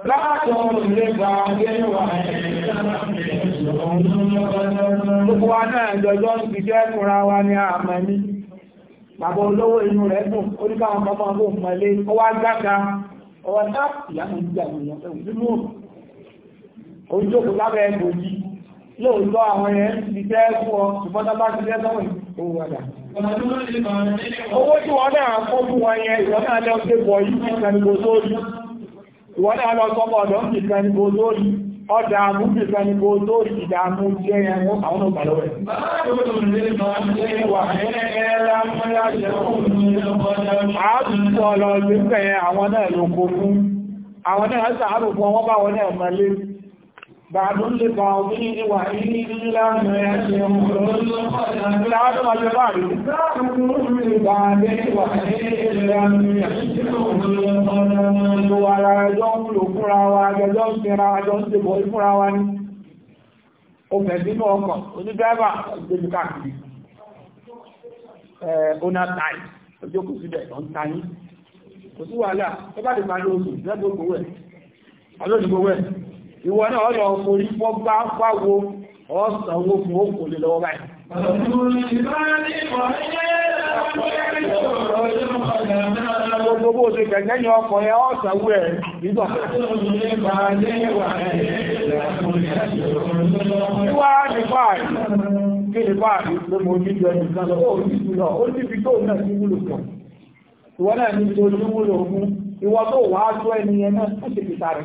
Gbogbo wa náà jọjọ́ ń fi jẹ́ kúra wa ní àmà ní. Bàbá olówó inú rẹ̀ gùn, ó ní káwọn bàbá ọgbọ̀ mọ̀lé, ó wá gbáka, ọwọ́ ìyàmù ìjà owó tí wọ́n náà kọ́ fún wọn yẹn, ìwọ́n náà lọ́ ìwọ́n náà lọ sọ́pọ̀ ọ̀dọ́ ń kìkan ní bozóri ọjà mú kìkan ní bozóri ìdàmú jẹ́ ẹ̀rọ àwọn òpàlọ́wẹ̀ àwọn náà sàárò fún wọn bá wọn náà mọ́lé بعد لبعضين وإن لم يشمرون العالم الجبار بعضهم لبعض وإن لم يشمرون ولا يجب لفرا وجزا سرا جزا بفرا وان obẹ̀dínú ọkọ̀ onídẹ́bà gbẹ̀mìkàkiri ọ̀nà tàì ojókòó síbẹ̀ ọ̀ntàyí kò sí wàhálà ẹbá ìwọ náà ọ̀nà ọkùnrí fọ́ gbá pàwọ ọ̀sán owó fún òkú lè lọ́wọ́ báyìí. Gbogbo òṣè kẹ̀kẹ́ ní ọkùnrin ọ̀sán owó ẹ̀ nígbà. Ìwá ní fáàrí, kí ní fáàrí pé mo ní jẹ nìkan lọ, ó ní tó náà wúlò kan. Ìwọ tó ní wúlò tó ẹni ẹ náà, ó ṣe fi sáré.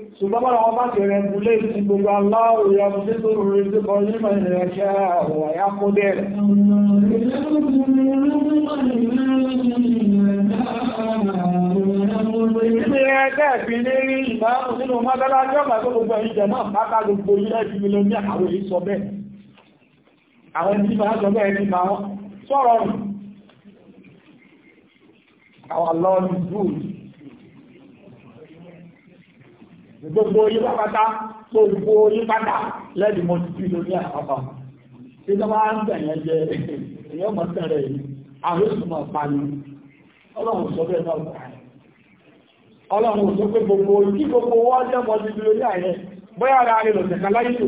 ṣùgbọ́n bára bá tẹ̀rẹ̀ ìbúlé ti gbogbo aláwò ya fi tó rúrí tí kọ ní mẹ́rin ẹ̀ṣẹ́ àwọ̀ ya kó dẹ̀ Ilé ẹgbẹ́ ìfì ní rí ìbáhùn nínú mọ́tálá jọ́gbà tó gbogbo ìjẹ̀ náà pátá gbogbo ilé ìfì mi ló ní àwọn èyí sọ bẹ́ẹ̀. Àwọn gbogbo yí pátá gbogbo yí pátá lẹ́dí mo ti fi àpapọ̀ tí wọ́n máa ń bẹ̀yẹn jẹ èyàn mọ̀ tẹ̀rẹ̀ yìí àwọn èsì mọ̀ ọlọ́run sọ bẹ́ẹ̀ náà ọlọ́run sọ pé gbogbo tí gbogbo ti fi àyẹ bóyá ara láyé tó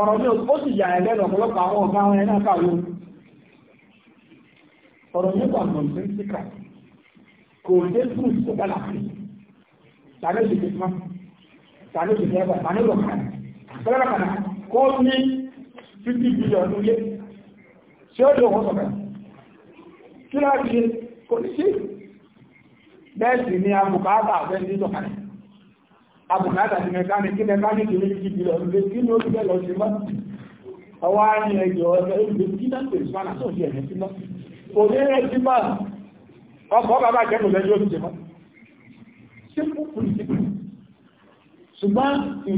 ọ̀rọ̀ mi sì yà ọ̀pọ̀lọpọ̀ àwọn ọ̀gá wọn ẹ̀ náà tani oṣù tó kuma tani oṣù tó yẹba tani oṣù kan tọ́lá kan kó ní fifty billion ní ilé ṣé ó lè wọ́n sọ̀rọ̀ kí ló ti kò ní sí bẹ́ẹ̀ sì ni abùkátà àfẹ́ ní ìjọkalẹ̀ abùkátà ti mẹkáni kí mẹkáni tó ní fifty billion ní ilé kí ni ó ti bẹ́ẹ̀ lọ sí mọ́ ọwọ́ àárín ẹjọ́ ọjọ́ ìgbé kí náà pèsè fún àná tó di sí mọ́ kò ní ẹ̀yẹ sí ọkọ̀ bàbá jẹ́ lẹ́yìn ó ti jẹ mọ́ simple principle ṣùgbọ́n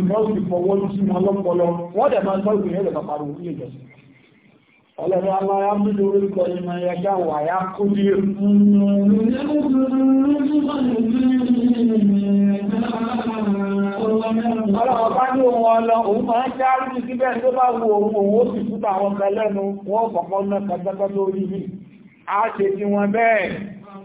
nǹkan ti fọwọ́ sí wọn lọ́pọlọ wọ́n dẹ̀ máa sọ́rọ̀ ìrẹ́lẹ̀ pàpàrọ̀ ní ìjọsìn ọlọ́rọ̀ alára ń lò orúkọ ìmọ̀ ẹ̀yà wà yá kó ní ọlọ́rọ̀ bá ní ohun ọlọ́ òun máa ń já rí síbẹ̀ tó bá wo ohun òun ó sì fúta àwọn kan lẹ́nu wọ́n kọ̀kọ́ náà kẹgbẹ́gbẹ́ lórí rí a ṣe ti wọn bẹ́ẹ̀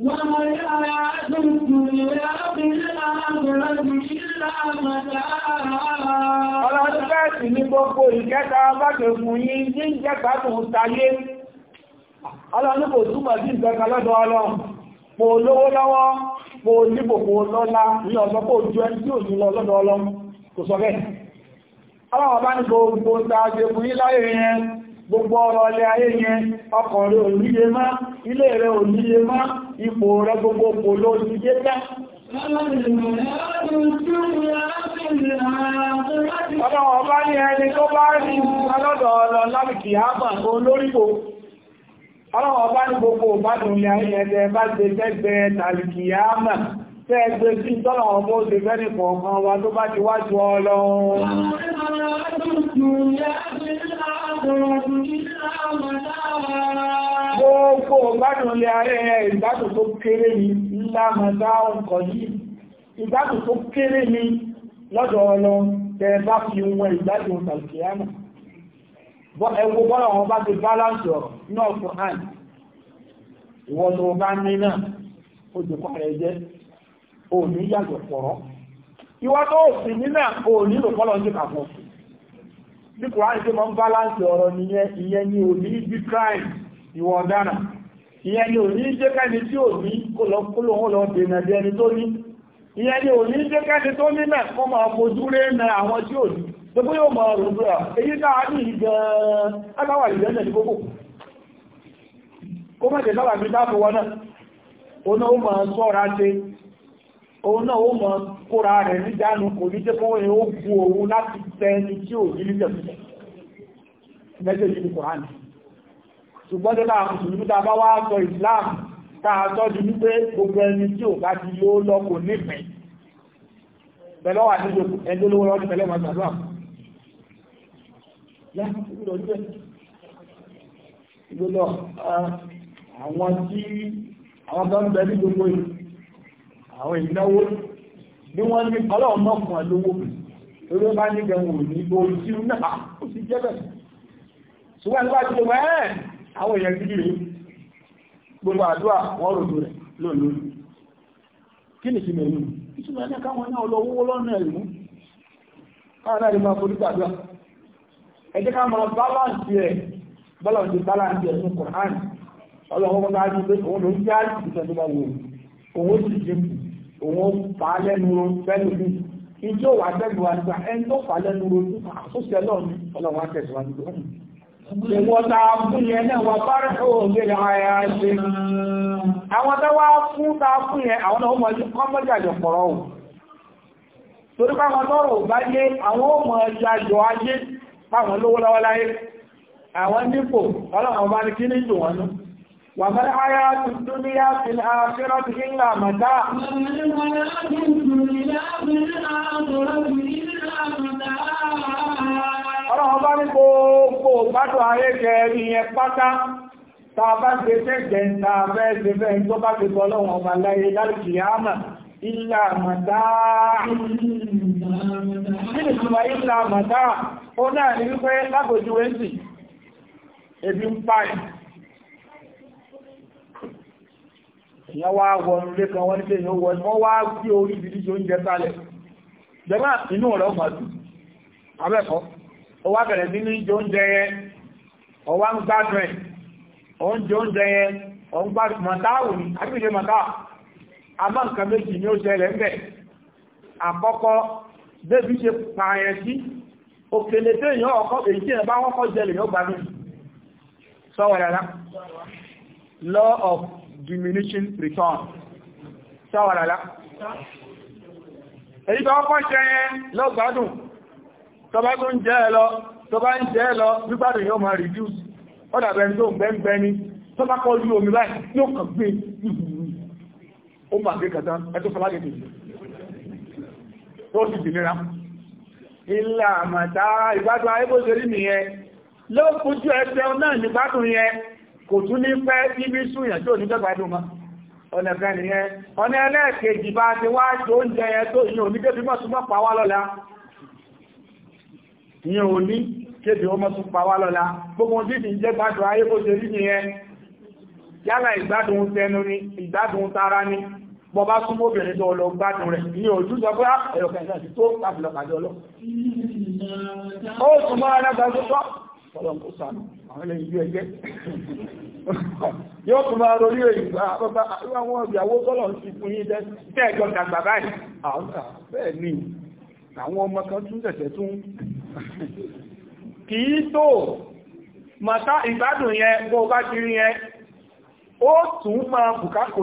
والحياة الدنيا في الآخرة إلا متاع Ọlọ́run bẹ́ẹ̀sì ní gbogbo ìkẹta bákẹ̀ fún yí ní ìjẹta tó ń tayé. Ọlọ́run kò túnmọ̀ sí ìjẹta lọ́dọ̀ ọlọ́run. Mo lówó lọ́wọ́, mo níbò lọ́lá ní ọ̀sọ́ tí lọ lọ́dọ̀ gbogbo ọrọ̀ ilé ayé yẹn ọkọ̀ rẹ̀ òníye má ilé rẹ̀ òníye má ipò rẹ̀ gbogbo pò ló ti jẹ́ ọba ní ẹni tó bá rí alọ́dọ̀ ọlọ lábìkì àbà olórígbò ọlọ́wọ́ ọba ní gbogbo ìbádùn ayé Gbogbo ìgbádùn ilé ààrẹ ìgbádùn tó kéré ni lámọ̀dá ọkọ̀ yìí. Ìgbádùn tó kéré ni lọ́dọ̀ ọlọ tẹ́ẹ̀bá fi wọn ìgbádùn Tàlkìyàmà. Ẹwọ bọ́lọ̀ wọn bá ti báláǹsì ọ̀rọ̀ náà fún àn. Ìwọ́n tó bá ní náà, ó jùkọ́ rẹ̀ jẹ́, ò ní yàtọ̀ pọ̀rọ̀. Ìwọ́n tó sì ní náà, ò nílò bọ́lọ̀ ń jẹ́ kàfọ́ sí bí kùránì tí mọ́ ń báláǹsì ọ̀rọ̀ nìyẹn ìyẹn ni ò ní bí crime ìwọ ọ̀daràn ìyẹn ni ò ní jẹ́ tí ò ní kólóhùn dènà bí ẹni tó ní ìyẹn ni ò ní jẹ́ tó ní náà kọ́ máa fojú rẹ̀ na àwọn tí ò ní gbogbo yóò mọ ọ̀rọ̀ rẹ̀ èyí náà òun náà ó mọ̀ kóra rẹ̀ ní dánú kò ní jẹ́ fún ẹ̀yìn ó bú òun láti tẹni tí ò nílé jẹ̀mùsẹ̀ mẹ́jẹ̀jì ní kòránì ṣùgbọ́n tó mùsùlùmí ta bá wá sọ Islam káà sọ di wípé gbogbo ẹni tí ò bá ti ló lọ́kò nífẹ̀ẹ́ pẹ̀lú wà ní ẹjọ́ lówó lọ́dún pẹ̀lú ọmọ ìgbàlúwà àwọn tí àwọn tó ń bẹ ní gbogbo ìlú àwọn ìnáwó ní wọ́n ní ọlọ́run mọ́kùn lówó lórí bá ní gẹ̀wọ̀n ní orí tí náà ah, ó sì jẹ́ bẹ̀rẹ̀ ṣùgbọ́n nípa ti wọ́n ẹ̀ àwọn èèyàn gidi rèé gbogbo àdúrà wọ́n ròdó rẹ̀ lónìí kí ni ìsinmi ẹ̀yìn ìsinmi ẹ̀yìn káwọn náà lọ owó lọ́nà ẹ̀mú káwọn náà lè máa forí gbàdúrà ẹ jẹ́ ká máa báláǹsì ẹ̀ báláǹsì báláǹsì ẹ̀ fún Kùránì ọlọ́run kọ́kọ́ náà ti pé òun ló ń jáde ìtẹ́jú bá wò òun ó sì jẹ́ kù òun fà á lẹ́nu ro fẹ́nu bí ijó wà tẹ́lu wa nígbà ẹni tó fà á lẹ́nu ro tó àtúnṣe náà ní ọlọ́run á tẹ̀síwájú tó ń
ìwọ̀n ta fún
yẹn náà wà bára òògbé ara ṣe àwọn tó wá fún ta fún yẹn àwọn náà mọ̀ sí kọ́mọ́jàjọ pọ̀rọ̀ ò torí káwọn tọ́rọ̀ bá yé àwọn ò mọ̀ jàjọ ayé fáwọn lówó lọ́wọ́ láyé àwọn nípò ọlọ́run bá ní kí ní jù wọn náà وما الحياة الدنيا في الآخرة إلا متاع Ọlọ́run bá ní gbogbo gbádùn ayé jẹ rí ẹ pátá, ta bá ṣe tẹ́gbẹ̀ ta bẹ́ ṣe fẹ́ tó bá ṣe bọ́lọ́wọ̀n ọmọ aláyé lálùkì àmà ìlà àmàdá. Nínú ìtumọ̀ ìlà àmàdá, ó náà ní wípé lágbòjú wé ìyẹn wá wọnú lé kan wọ́n nílé ìyẹn wọ́n wọ́n wá gbé orí ìdíjú oúnjẹ sálẹ̀ jẹba inú rẹ̀ ọmọ sí abẹ́kọ́ ó wá bẹ̀rẹ̀ sí ní oúnjẹ yẹn ó ń gbádùn ẹ̀ oúnjẹ ń gbádùn mọ̀táwù ní ń gbádùn sọ́wọ́ law of diminishing return sáwàlálá èyí tó kọ́ ṣe yẹn lọ́gbádùn tó bá tó ń jẹ́ ẹ lọ tó bá ń jẹ́ ẹ lọ gbígbádùn yóò máa reduce ó dàbẹ̀ tó ń gbẹ́ngbẹ́ ní tó bá kọ́ ojú omi báyìí yóò kàn gbé ó máa gbé kàtán ẹtọ́ fọlágẹ́gẹ́ tó sì dìnira ilẹ̀ àmàtà ìgbádùn ayébóṣe rí nìyẹn ló kújú ẹgbẹ́ náà nígbádùn yẹn kò tún ní pẹ́ níbi súyàn tí ò ní jẹ́gbà ẹnu ma ọ̀nà ẹ̀fẹ́ nìyẹn ọ̀nà ẹlẹ́ẹ̀kejì bá ti wá tó ń jẹ yẹn tó ìyẹn òní kébi mọ́ súnmọ́ pa wá lọ́la ìyẹn òní kébi ọmọ tún pa wá lọ́la gbogbo tí ti ń jẹ́ gbádùn ayé kó ṣe rí nìyẹn yálà ìgbádùn tẹnu ni ìgbádùn tara ni bọ́ bá súnmọ́ obìnrin tó lọ gbádùn rẹ̀ ní ojú sọ pé ah, ẹ̀yọ̀kẹ̀ẹ́sẹ̀ ti tó tàbí lọ àwọn ilẹ̀ ìlú ẹgbẹ́ yóò tún máa rorí àwọn ìyàwó sọ́lọ̀ ti fún yín tẹ́ẹ̀jọ dàgbà báyìí àwọn bẹ́ẹ̀ ni àwọn ọmọ kan tún tẹ̀tẹ̀ tún kì tó màtá ìgbádùn yẹn bó bá ti rí yẹn ó tún máa bùká kò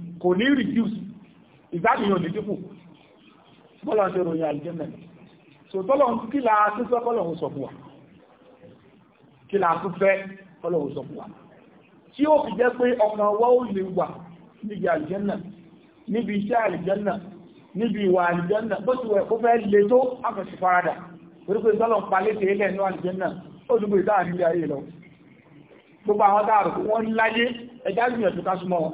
kò ní reduce ìgbádùn yóò ní dínkù bọ́lá ṣe ròyìn àlìjẹ́mẹ̀ so tọ́lọ̀ ń kí la tún fẹ́ kọ́lọ̀ ń sọ fún wa kí la tún fẹ́ kọ́lọ̀ ń sọ fún wa tí ó fi jẹ́ pé ọkàn wa ó lè wà níbi àlìjẹ́mẹ̀ níbi iṣẹ́ àlìjẹ́mẹ̀ níbi ìwà àlìjẹ́mẹ̀ bó ti wẹ̀ kó fẹ́ le tó àkànṣe farada torí pé tọ́lọ̀ ń palẹ́ tèé lẹ̀ nínú àlìjẹ́mẹ̀ ó dúgbò ìdáàrí ayé lọ gbogbo àwọn dáàrù wọ́n láyé ẹ̀dá ìgbìyànjú ká súnmọ́ wọn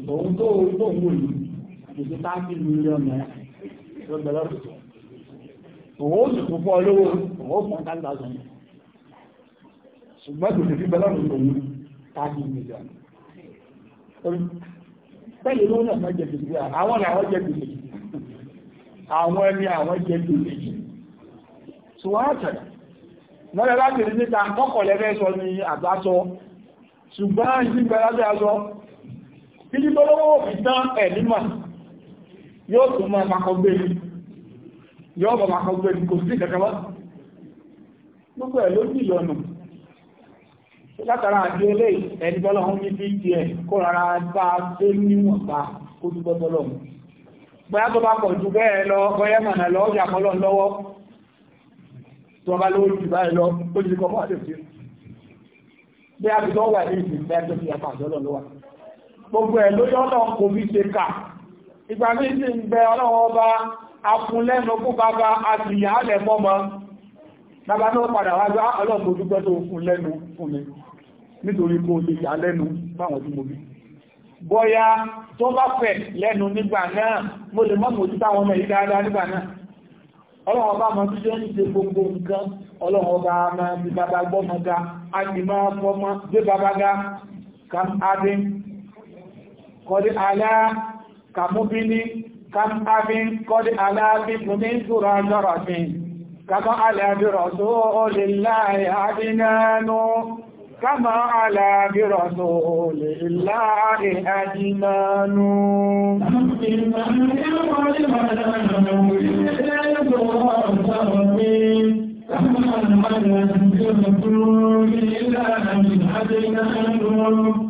ṣùgbọ́n tó ń tó ń wò táàkì mílíọ̀nù náírà òun ó sì fún fún ọ òun ó fún táàkì ṣùgbọ́n kò sì táàkì mílíọ̀nù pẹ̀lú ló náà máa àwọn àwọn jẹ gbèsè àwọn ẹni àwọn jẹ gbèsè títí tó lọ́wọ́ fi tán ẹ̀límà yóò tún máa makọgbé ní yóò bá makọgbé ní kò sí kẹkẹwà gbogbo ẹ̀ ló jì lọ́nà látara àti ilé ẹni bọ́lọ̀ ń ní bíi tiẹ̀ kó rárá bá a tó níwọ̀n bá kó dúpẹ́ bọ́lọ̀ mu bóyá tó bá pọ̀ ju bẹ́ẹ̀ lọ bóyá mọ̀nà lọ ọjà kọlọ̀ lọ́wọ́ tó bá lówó jù báyìí lọ ó ti kọ́ fún àdéhùn bí a ti tọ́ wà ní ìsìn bẹ́ẹ̀ tó gbogbo ẹ̀ ló yọ́nà kò fi ṣe kà ìgbà mí sí ń bẹ ọlọ́wọ́ bá afúnlẹ́nu fún bàbá àtìyà alẹ̀ mọ́mọ́ bàbá náà padà wá gbá ah, ọlọ́gbò dúpẹ́ tó fún lẹ́nu fún mi nítorí kó lè yà lẹ́nu fáwọn tí mo bí bọ́yá tó bá fẹ̀ lẹ́nu nígbà náà mo lè mọ́mọ́ ojú táwọn ọmọ yìí dáadáa nígbà náà ọlọ́wọ́ bá mọ́ títẹ́ ń ṣe gbogbo nǹkan ọlọ́wọ́ bá máa bí bàbá gbọ́mọ ga a sì máa fọmọ gbé bàbá ga kam adé kọ́dí alá kàmúbíní kàmúbín kọ́dí alá bí fúnmí zúra lọ́rọ̀fin kàmọ́ alá bí rọ̀sọ́ olè láàrin àdínánú kàmọ́ alá bí olè láàrin àdínánú Thank you.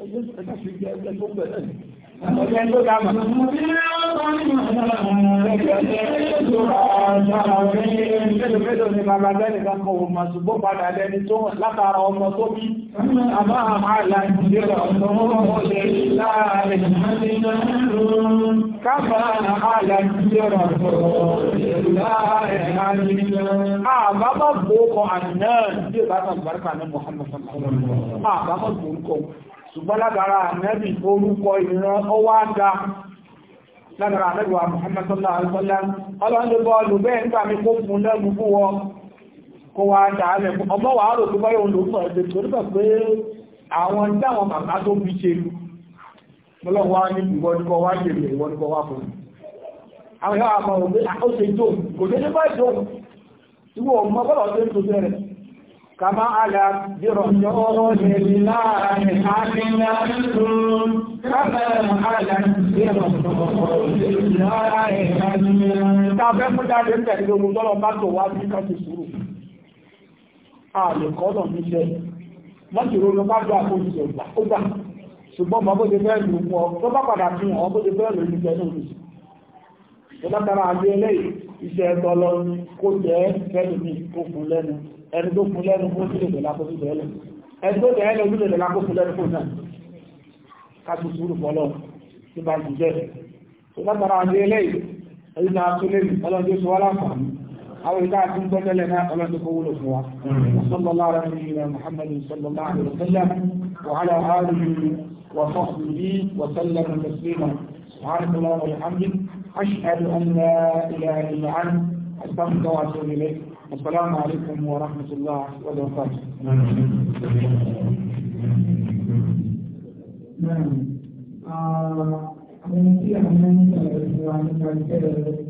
ẹgbẹ́ fi jẹ́ ẹgbẹ́ tó bẹ̀rẹ̀ Ọjọ́ tó dámà. Mẹ́lòmẹ́lò ni bàbá bẹ́ẹ̀ kan kọ òmà ṣùgbọ́n padà lẹ́ni tó látara ọmọ tó bí. Àmá àmá ìlàjìdé rọ̀ Àbábá gbókọ̀ àdínà ní ìbátà barka ní Mùhammadu Sallallahu Alaihi Wasallam. Àbábá gbókọ̀ ṣùgbọ́n lágbára ànẹ́bì orúkọ ìran ọwá ga lágbára ànẹ́bì wa Muhammad sallallahu alaihi wasallam ọlọ́run ló bọ́ ọlù bẹ́ẹ̀ nígbà mi kó fún lẹ́gbù fún wọn kó wá dáálẹ̀ ọmọ wà rò tó bá yóò lò fún ẹ̀dẹ̀ tó nígbà pé àwọn dáwọn bàbá tó fi ṣe lu mọ́lọ́wọ́ wá ní ìwọ́dúkọ كما على برسول الله عملت كما على برسول الله عملت tàbẹ́ mú dáadé ń tẹ̀lé ogun tọ́lọ bá tó wá sí káàkiri sùúrù àlèkọ́lọ̀ bá gbà kó jùsọ̀ ó gbà ṣùgbọ́n bó ṣe fẹ́ lù mú ọ tó bá padà fi hàn bó ṣe fẹ́ lù ní náà lùsù eléyìí iṣẹ́ kó jẹ́ kó fún lẹ́nu ẹni tó fún lẹ́nu fún sílẹ̀ ìdẹ̀ lápòsí bẹ̀ẹ́lẹ̀ ẹni tó bẹ̀ẹ́ lẹ́nu sílẹ̀ ìdẹ̀ lápòsí lẹ́nu fún náà káàkì sùúrù fọlọ́ tí bá jù jẹ́ tó látara àti eléyìí ẹni náà tó lè ọlọ́dún sọ aláǹfààní àwọn ìdá àti gbẹ́tẹ́lẹ̀ náà ọlọ́dún kó wúlò fún wa sallallahu alaihi sallallahu alaihi wa sallam wa ala alihi wa sahbihi wa sallam taslima سبحانك اللهم وبحمدك أشهد أن لا إله إلا أنت أستغفرك وأتوب إليك Assalamu alaikum wa rahmatullahi wa barakatuh.
Àwọn tí a mọ́ ní ọ̀rọ̀ ìwà nípa ìṣẹ́lẹ̀